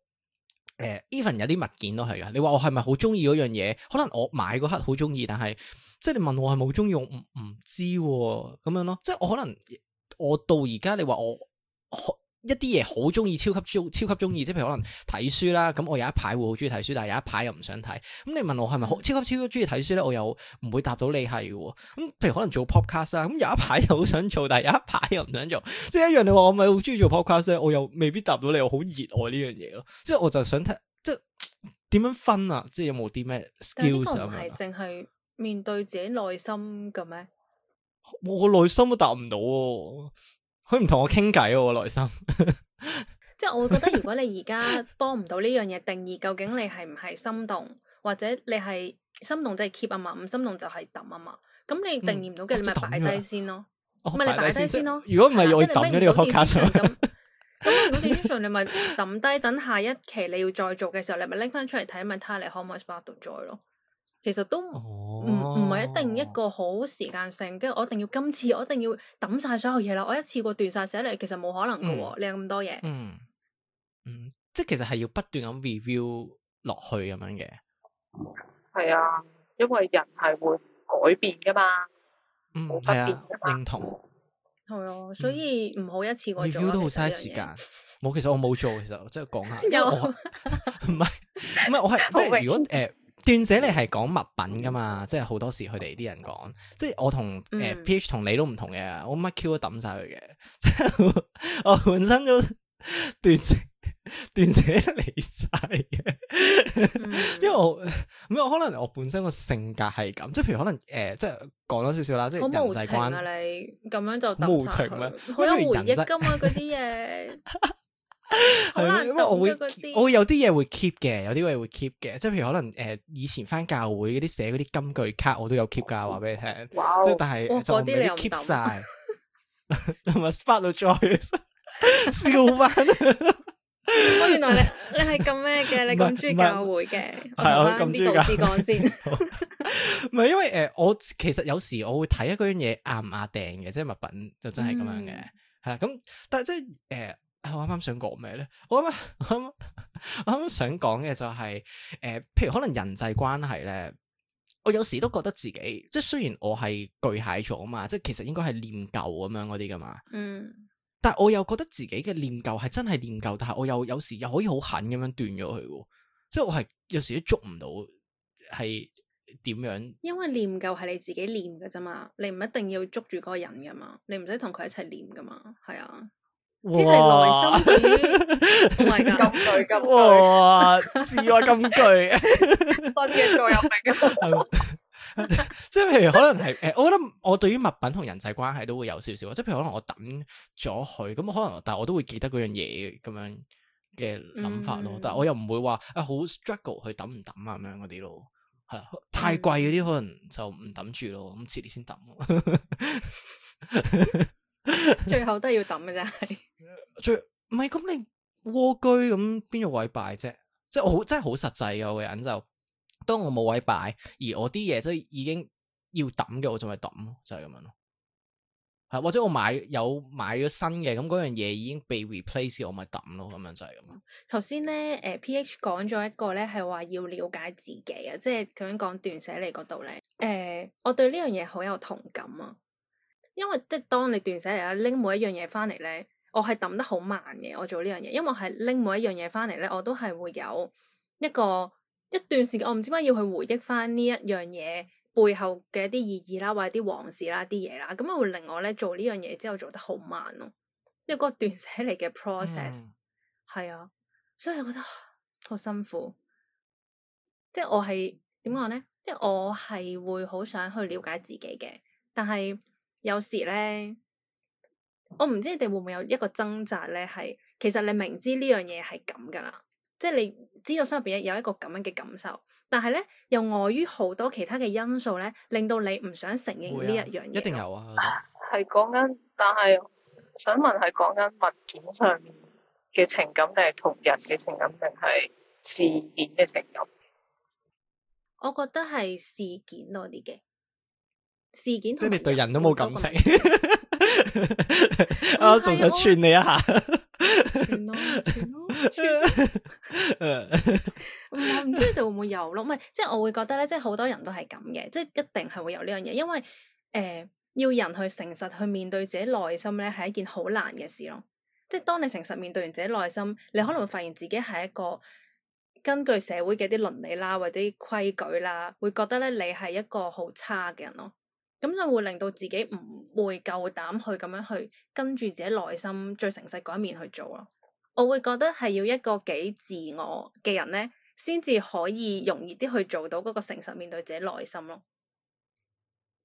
誒 even 有啲物件都係噶，你話我係咪好中意嗰樣嘢？可能我買嗰刻好中意，但係即係你問我係咪好中意，我唔唔知喎，咁樣咯。即係我可能我到而家，你話我。我一啲嘢好中意，超級中超級中意，即係譬如可能睇書啦。咁我有一排會好中意睇書，但係有一排又唔想睇。咁你問我係咪好超級超級中意睇書咧？我又唔會答到你係嘅。咁譬如可能做 podcast 啊，咁有一排又好想做，但係有一排又唔想做。即係一樣你話我咪好中意做 podcast 咧？我又未必答到你，我好熱愛呢樣嘢咯。即係我就想睇，即係點樣分啊？即係有冇啲咩 skills？唔係淨係面對自己內心咁咩？我個內心都答唔到啊。佢唔同我傾偈喎，我內心。即係我覺得，如果你而家幫唔到呢樣嘢定義，究竟你係唔係心動，或者你係心動即係 keep 啊嘛，唔心動就係抌啊嘛。咁你定義唔到嘅，你咪擺低先咯。咪你擺低先咯。如果唔係我抌咗呢個 Podcast。咁咁，嗰啲 action 你咪抌低，等下一期你要再做嘅時候，你咪拎翻出嚟睇，咪睇下你可唔可以 spark 到 joy 咯。其實都唔唔係一定一個好時間性，跟住，我一定要今次我一定要抌晒所有嘢啦，我一次過斷晒寫嚟，其實冇可能噶喎，嗯、你有咁多嘢、嗯。嗯嗯，即係其實係要不斷咁 review 落去咁樣嘅。係啊，因為人係會改變噶嘛。嗯，係啊，認同。係啊，所以唔好一次過 review 都好嘥時間。冇，其實我冇做，其實我真係講下。唔係唔係，我係即係如果誒。斷捨離係講物品噶嘛，嗯、即係好多時佢哋啲人講，即係我同誒 PH 同你都唔同嘅，我乜 Q 都抌晒佢嘅，即 係我本身都斷捨斷捨離曬嘅， 嗯、因為我咩？我可能我本身個性格係咁，即係譬如可能誒、呃，即係講咗少少啦，即係人際關係、啊、你，咁樣就抌晒佢，好有回憶金嘛、啊，嗰啲嘢。 係，因為 我會我有啲嘢會 keep 嘅，有啲嘢會 keep 嘅，即係譬如可能誒、呃、以前翻教會嗰啲寫嗰啲金句卡，我都有 keep 噶話俾你聽。哇！即但係就未 keep 晒 all. 同埋 sparkle joy 笑翻。原來你你係咁咩嘅？你咁中意教會嘅？係啊 是，咁中意先我禁。唔係因為誒、呃，我其實有時我會睇一樣嘢啱唔啱掟嘅，即係物品就真係咁樣嘅。係啦、嗯，咁 但係即係誒。呃我啱啱想講咩咧？我啱啱啱啱，我啱啱想講嘅就係、是、誒、呃，譬如可能人際關係咧，我有時都覺得自己即係雖然我係巨蟹座啊嘛，即係其實應該係念舊咁樣嗰啲噶嘛。嗯，但係我又覺得自己嘅念舊係真係念舊，但係我有有時又可以好狠咁樣斷咗佢，即係我係有時都捉唔到係點樣。因為念舊係你自己念嘅啫嘛，你唔一定要捉住嗰個人噶嘛，你唔使同佢一齊念噶嘛，係啊。哇！金句金句，句哇！至愛金句，新嘅座右銘。 即係譬如可能係誒， 我覺得我對於物品同人際關係都會有少少，即係譬如可能我抌咗佢，咁可能但係我都會記得嗰樣嘢咁樣嘅諗法咯。嗯、但係我又唔會話啊好 struggle 去抌唔抌啊咁樣嗰啲咯，係太貴嗰啲可能就唔抌住咯，咁遲啲先抌。 最後都係要抌嘅，真係， 最唔係咁你蝸居咁邊個位擺啫？即係我真係好實際嘅，我個人就，當我冇位擺而我啲嘢即係已經要抌嘅，我就咪抌咯，就係、是、咁樣咯。或者我買有買咗新嘅，咁嗰樣嘢已經被 replace，我咪抌咯，咁樣就係咁咯。頭先咧，誒，P H 講咗一個咧，係話要了解自己啊，即係咁樣講段寫嚟嗰度咧。誒、呃，我對呢樣嘢好有同感啊。因為即係當你斷寫嚟啦，拎每一樣嘢翻嚟咧，我係抌得好慢嘅。我做呢樣嘢，因為我係拎每一樣嘢翻嚟咧，我都係會有一個一段時間，我唔知點解要去回憶翻呢一樣嘢背後嘅一啲意義啦，或者啲往事啦，啲嘢啦，咁會令我咧做呢樣嘢之後做得好慢咯。因為嗰個斷捨離嘅 process，係、嗯、啊，所以我覺得好辛苦。即係我係點講咧？即係我係會好想去了解自己嘅，但係。有時咧，我唔知你哋會唔會有一個掙扎咧？係其實你明知呢樣嘢係咁噶啦，即係你知道心入邊有一個咁樣嘅感受，但係咧又礙於好多其他嘅因素咧，令到你唔想承認呢一樣嘢。一定有啊，係講緊，但係想問係講緊物件上面嘅情感，定係同人嘅情感，定係事件嘅情感英語？我覺得係事件多啲嘅。事件，即係你對人都冇感情， 啊、我仲想串你一下、 啊。串咯、啊，串咯、啊，串、啊。唔、啊 嗯、知道會唔會有咯？唔係，即係我會覺得咧，即係好多人都係咁嘅，即係一定係會有呢樣嘢。因為誒、呃，要人去誠實去面對自己內心咧，係一件好難嘅事咯。即係當你誠實面對完自己內心，你可能會發現自己係一個根據社會嘅啲倫理啦或者規矩啦，會覺得咧你係一個好差嘅人咯。咁就會令到自己唔會夠膽去咁樣去跟住自己內心最誠實嗰一面去做咯。我會覺得係要一個幾自我嘅人咧，先至可以容易啲去做到嗰個誠實面對自己內心咯。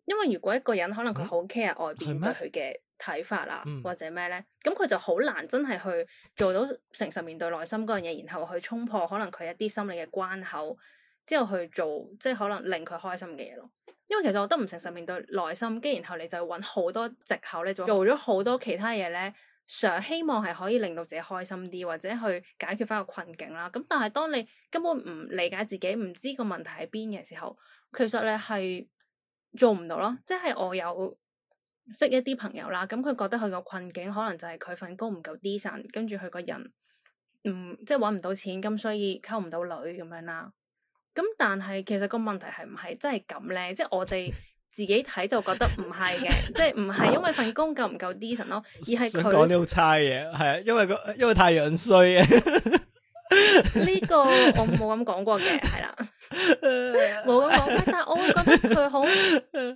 因為如果一個人可能佢好 care 外邊對佢嘅睇法啊，或者咩咧，咁佢嗎、嗯、就好難真係去做到誠實面對內心嗰樣嘢，然後去衝破可能佢一啲心理嘅關口。之後去做，即係可能令佢開心嘅嘢咯。因為其實我得唔誠實面對內心，跟然後就你就揾好多借口咧，做咗好多其他嘢咧，常希望係可以令到自己開心啲，或者去解決翻個困境啦。咁但係當你根本唔理解自己，唔知個問題喺邊嘅時候，其實咧係做唔到咯。即係我有識一啲朋友啦，咁佢覺得佢個困境可能就係佢份工唔夠 decent，跟住佢個人唔、嗯、即係揾唔到錢，咁所以溝唔到女咁樣啦。咁、嗯、但係其實個問題係唔係真係咁咧？即係我哋自己睇就覺得唔係嘅， 即係唔係因為份工夠唔夠 decent 咯， 而係佢講啲好差嘢，係啊，因為個因為太樣衰嘅。呢 個我冇咁講過嘅，係啦，冇咁講，但係我會覺得佢好，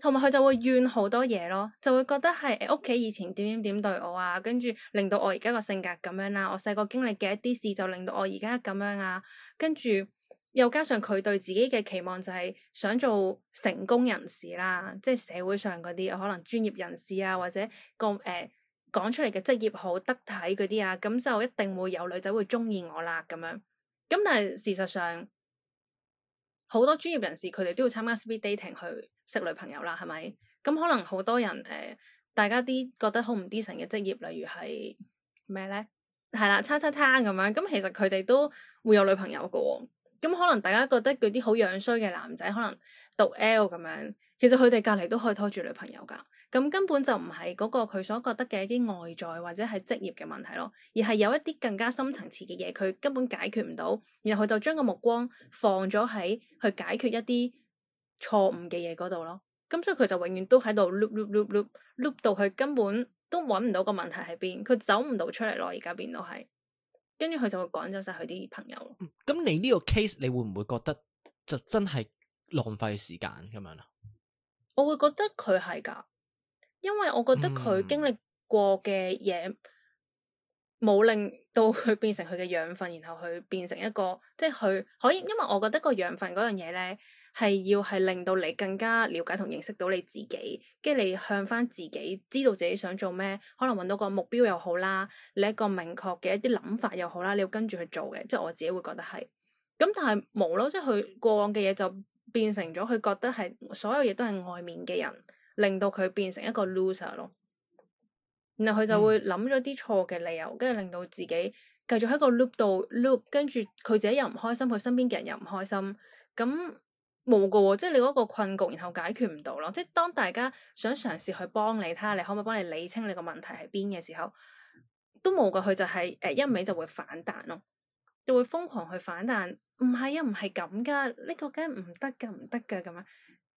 同埋佢就會怨好多嘢咯，就會覺得係屋企以前點點點對我啊，跟住令到我而家個性格咁樣啦，啊，我細個經歷嘅一啲事就令到我而家咁樣啊，跟住。又加上佢對自己嘅期望就係想做成功人士啦，即係社會上嗰啲可能專業人士啊，或者講誒講出嚟嘅職業好得體嗰啲啊，咁就一定會有女仔會中意我啦咁樣。咁但係事實上好多專業人士佢哋都要參加 speed dating 去識女朋友啦，係咪？咁可能好多人誒、呃，大家啲覺得好唔 decent 嘅職業，例如係咩咧？係啦，叉叉叉咁樣，咁其實佢哋都會有女朋友噶、哦。咁可能大家覺得嗰啲好樣衰嘅男仔可能讀 L 咁樣，其實佢哋隔離都可以拖住女朋友噶。咁根本就唔係嗰個佢所覺得嘅一啲外在或者係職業嘅問題咯，而係有一啲更加深層次嘅嘢，佢根本解決唔到，然後佢就將個目光放咗喺去解決一啲錯誤嘅嘢嗰度咯。咁所以佢就永遠都喺度碌碌碌碌碌到佢根本都揾唔到個問題喺邊，佢走唔到出嚟咯。而家變到係。跟住佢就會趕走晒佢啲朋友咯。咁你呢個 case 你會唔會覺得就真係浪費時間咁樣啊？我會覺得佢係噶，因為我覺得佢經歷過嘅嘢冇令到佢變成佢嘅養分，然後佢變成一個即係佢可以，因為我覺得個養分嗰樣嘢咧。係要係令到你更加了解同認識到你自己，跟住你向翻自己，知道自己想做咩，可能搵到個目標又好啦，你一個明確嘅一啲諗法又好啦，你要跟住去做嘅，即係我自己會覺得係。咁但係冇咯，即係佢過往嘅嘢就變成咗佢覺得係所有嘢都係外面嘅人，令到佢變成一個 loser 咯。然後佢就會諗咗啲錯嘅理由，跟住、嗯、令到自己繼續喺個 loop 度 loop，跟住佢自己又唔開心，佢身邊嘅人又唔開心，咁。冇噶喎，即係你嗰個困局，然後解決唔到咯。即係當大家想嘗試去幫你，睇下你可唔可以幫你理清你個問題係邊嘅時候，都冇噶。佢就係、是、誒、呃、一味就會反彈咯，就會瘋狂去反彈。唔係啊，唔係咁噶，呢、這個梗係唔得噶，唔得噶咁樣。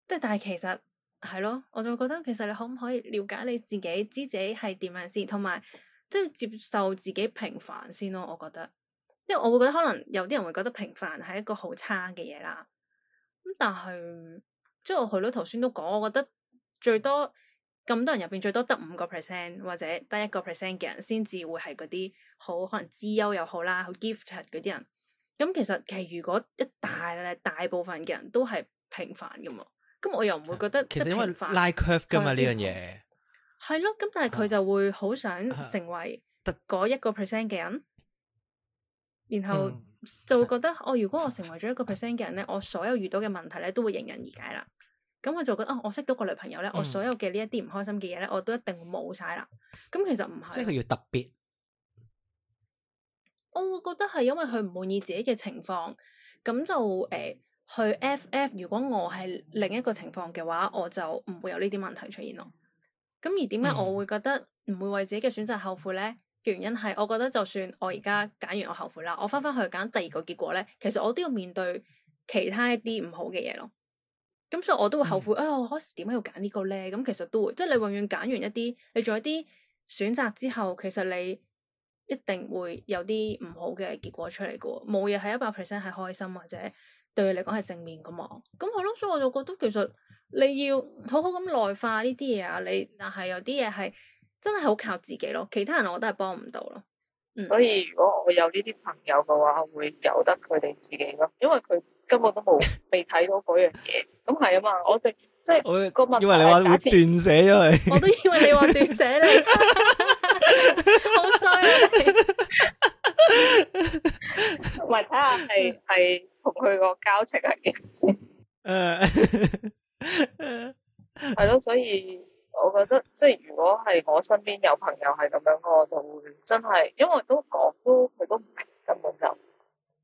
即係但係其實係咯，我就覺得其實你可唔可以了解你自己，知自己係點樣先，同埋即係接受自己平凡先咯。我覺得，因為我會覺得可能有啲人會覺得平凡係一個好差嘅嘢啦。咁但係即係我去到頭先都講，我覺得最多咁多人入邊最多得五個 percent 或者得一個 percent 嘅人先至會係嗰啲好可能資優又好啦，好 gifted 嗰啲人。咁其實其實如果一大咧大部分嘅人都係平凡嘅嘛，咁我又唔會覺得其實因為 life curve 㗎嘛呢樣嘢係咯，咁、啊、但係佢就會好想成為得嗰、啊啊、一個 percent 嘅人，然後、嗯。就會覺得哦，如果我成為咗一個 percent 嘅人咧，我所有遇到嘅問題咧都會迎刃而解啦。咁我就覺得、哦、我識到個女朋友咧，我所有嘅呢一啲唔開心嘅嘢咧，我都一定冇晒啦。咁其實唔係，即係佢要特別。我會覺得係因為佢唔滿意自己嘅情況，咁就誒、呃、去 FF。如果我係另一個情況嘅話，我就唔會有呢啲問題出現咯。咁而點解我會覺得唔會為自己嘅選擇後悔咧？原因係，我覺得就算我而家揀完，我後悔啦，我翻翻去揀第二個結果咧，其實我都要面對其他一啲唔好嘅嘢咯。咁所以我都會後悔啊！我開始點解要揀呢個咧？咁其實都會，即係你永遠揀完一啲，你做一啲選擇之後，其實你一定會有啲唔好嘅結果出嚟噶。冇嘢係一百 percent 係開心或者對你嚟講係正面噶嘛。咁好咯，所以我就覺得其實你要好好咁內化呢啲嘢啊。你但係有啲嘢係。真係好靠自己咯，其他人我都係幫唔到咯。嗯、所以如果我有呢啲朋友嘅話，我會由得佢哋自己咯，因為佢根本都冇未睇到嗰樣嘢。咁係啊嘛，我哋即係個問題，因為你話斷捨咗佢， 我都以為你話斷捨你，好 衰、啊。同埋睇下係係同佢個交情係幾先。誒，係咯，所以。我覺得即係如果係我身邊有朋友係咁樣，我就會真係，因為都講都佢都唔明根本就，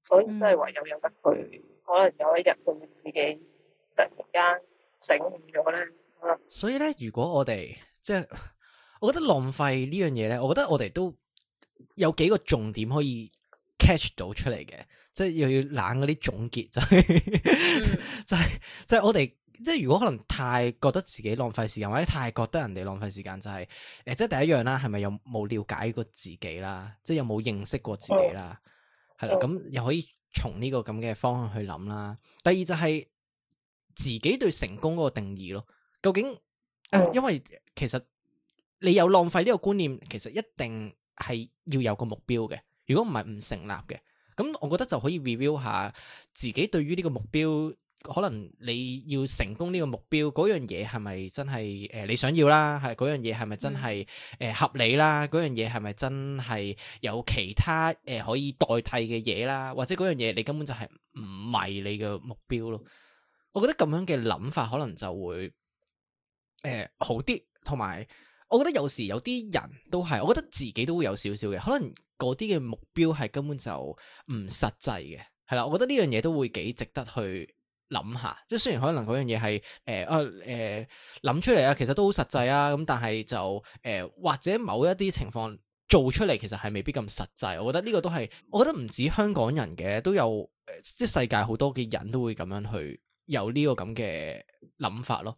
所以真係唯有由得佢，可能有一日佢自己突然間醒悟咗咧。所以咧，如果我哋即係，我覺得浪費呢樣嘢咧，我覺得我哋都有幾個重點可以 catch 到出嚟嘅，即係又要懶嗰啲總結就係、是，即係即係我哋。即係如果可能太覺得自己浪費時間，或者太覺得人哋浪費時間，就係、是、誒，即係第一樣啦，係咪有冇了解過自己啦？即係有冇認識過自己啦？係啦，咁又可以從呢個咁嘅方向去諗啦。第二就係自己對成功嗰個定義咯。究竟、啊、因為其實你有浪費呢個觀念，其實一定係要有個目標嘅。如果唔係唔成立嘅，咁我覺得就可以 review 下自己對於呢個目標。可能你要成功呢個目標，嗰樣嘢係咪真係誒、呃、你想要啦？係，嗰樣嘢係咪真係誒、呃、合理啦？嗰樣嘢係咪真係有其他誒、呃、可以代替嘅嘢啦？或者嗰樣嘢你根本就係唔係你嘅目標咯？我覺得咁樣嘅諗法可能就會誒、呃、好啲，同埋我覺得有時有啲人都係，我覺得自己都會有少少嘅，可能嗰啲嘅目標係根本就唔實際嘅，係啦。我覺得呢樣嘢都會幾值得去諗下，即係雖然可能嗰樣嘢係誒啊誒諗出嚟啊，其實都好實際啊，咁但係就誒、呃、或者某一啲情況做出嚟，其實係未必咁實際。我覺得呢個都係，我覺得唔止香港人嘅，都有即係世界好多嘅人都會咁樣去有呢個咁嘅諗法咯。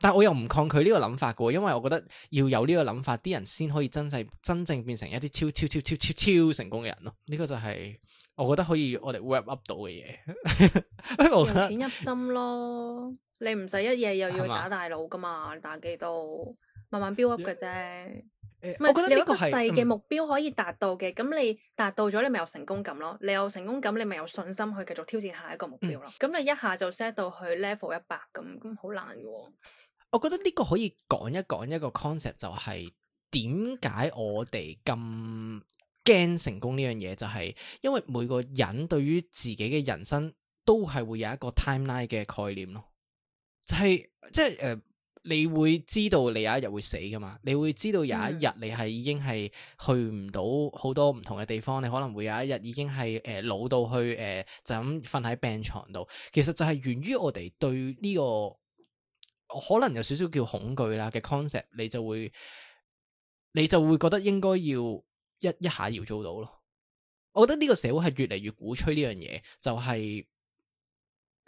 但我又唔抗拒呢個諗法嘅，因為我覺得要有呢個諗法，啲人先可以真正真正變成一啲超超超超超超超超超成功嘅人咯。呢個就係。我覺得可以我， 我哋 wrap up 到嘅嘢，由淺入深咯。你唔使一夜又要去打大佬噶嘛，吧打機都慢慢 build up 嘅啫。欸欸、是我覺得個你有一個細嘅目標可以達到嘅，咁、嗯、你達到咗，你咪有成功感咯。你有成功感，你咪有信心去繼續挑戰下一個目標咯。咁、嗯、你一下就 set 到去 level 一百咁，咁好難噶。我覺得呢個可以講一講一個 concept，就係點解我哋咁。驚成功呢樣嘢就係，因為每個人對於自己嘅人生都係會有一個 timeline 嘅概念咯。就係即係誒，你會知道你有一日會死㗎嘛？你會知道有一日你係已經係去唔到好多唔同嘅地方。你可能會有一日已經係誒、呃、老到去誒、呃，就咁瞓喺病床度。其實就係源於我哋對呢個可能有少少叫恐懼啦嘅 concept，你就會你就會覺得應該要。一一下要做到咯，我覺得呢個社會係越嚟越鼓吹呢樣嘢，就係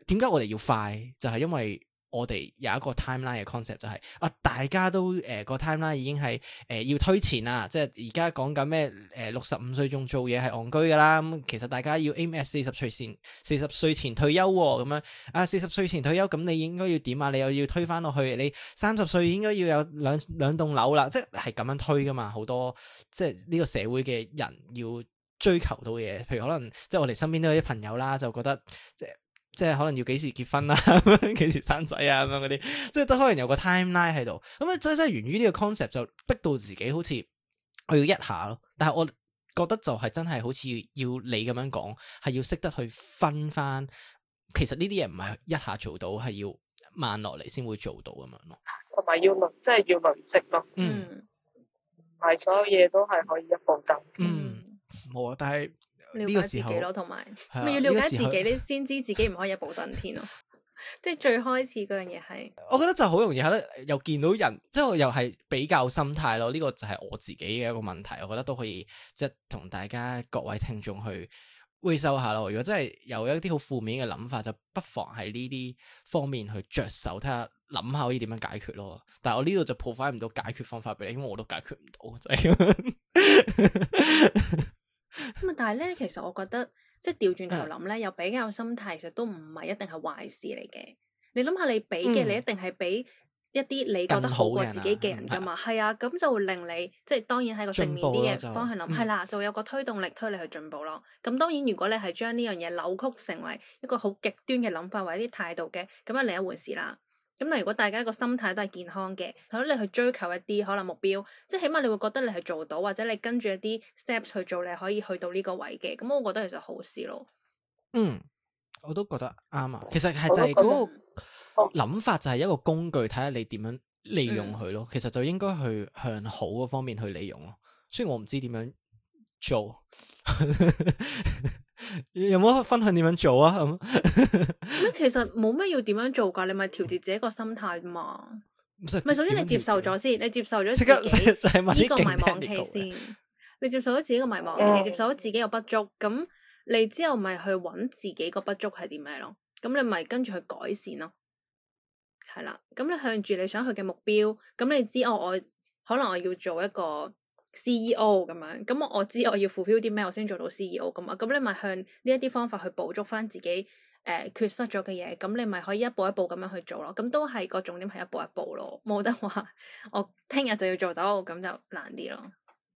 點解我哋要快？就係因為。我哋有一個 timeline 嘅 concept 就係、是、啊，大家都誒、呃那個 timeline 已經係誒、呃、要推前啦，即係而家講緊咩誒六十五歲仲做嘢係戇居噶啦，咁、嗯、其實大家要 aim 喺四十歲前，四十歲前退休咁樣啊，四十、啊、歲前退休，咁你應該要點啊？你又要推翻落去，你三十歲應該要有兩兩棟樓啦，即係咁樣推噶嘛？好多即係呢個社會嘅人要追求到嘢，譬如可能即係我哋身邊都有啲朋友啦，就覺得即係。即係可能要幾時結婚啦、啊，幾時生仔啊咁樣嗰啲，即係都可能有個 timeline 喺度。咁啊，真真源於呢個 concept 就逼到自己好似我要一下咯。但係我覺得就係真係好似要你咁樣講，係要識得去分翻。其實呢啲嘢唔係一下做到，係要慢落嚟先會做到咁樣咯。同埋要累，即係要累積咯。嗯，唔係所有嘢都係可以一步登。嗯，冇啊，但係。了解自己咯，同埋咪要了解自己，你先知自己唔可以一步登天咯。 即係最開始嗰樣嘢係，我覺得就好容易，係咧又見到人，即係我又係比較心態咯。呢、這個就係我自己嘅一個問題，我覺得都可以即係同大家各位聽眾去回收下咯。如果真係有一啲好負面嘅諗法，就不妨喺呢啲方面去着手睇下，諗下可以點樣解決咯。但係我呢度就 provide 唔到解決方法俾你，因為我都解決唔到，就係咁樣 咁啊、嗯，但係咧，其實我覺得即係調轉頭諗咧，又比較有心態，其實都唔係一定係壞事嚟嘅。你諗下，你俾嘅，你一定係俾一啲你覺得好過自己嘅人噶嘛？係啊，咁就會令你即係當然係個正面啲嘅方向諗，係啦，就會有個推動力推你去進步咯。咁、嗯、當然，如果你係將呢樣嘢扭曲成為一個好極端嘅諗法或者啲態度嘅，咁啊另一回事啦。咁，嗱，如果大家個心態都係健康嘅，咁你去追求一啲可能目標，即係起碼你會覺得你係做到，或者你跟住一啲 steps 去做，你可以去到呢個位嘅。咁，我覺得其實好事咯。嗯，我都覺得啱啊。其實係就係嗰個諗法，就係一個工具，睇下你點樣利用佢咯。嗯、其實就應該去向好嘅方面去利用咯。雖然我唔知點樣做。 有冇分享點樣做啊？咁 其實冇咩要點樣做噶，你咪調節自己個心態嘛。唔係，實行首先你接受咗先，刻你接受咗自己就係呢個迷茫期先。 你接受咗自己個迷茫期， 接受咗自己嘅不足，咁你之後咪去揾自己個不足係點咩咯？咁你咪跟住去改善咯。係啦，咁你向住你想去嘅目標，咁你知後、哦、我可能我要做一個。C E O 咁樣，咁我知我要付標啲咩，我先做到 C E O 咁啊！咁你咪向呢一啲方法去捕捉翻自己誒、呃、缺失咗嘅嘢，咁你咪可以一步一步咁樣去做咯。咁都係個重點係一步一步咯，冇得話我聽日就要做到，咁就難啲咯。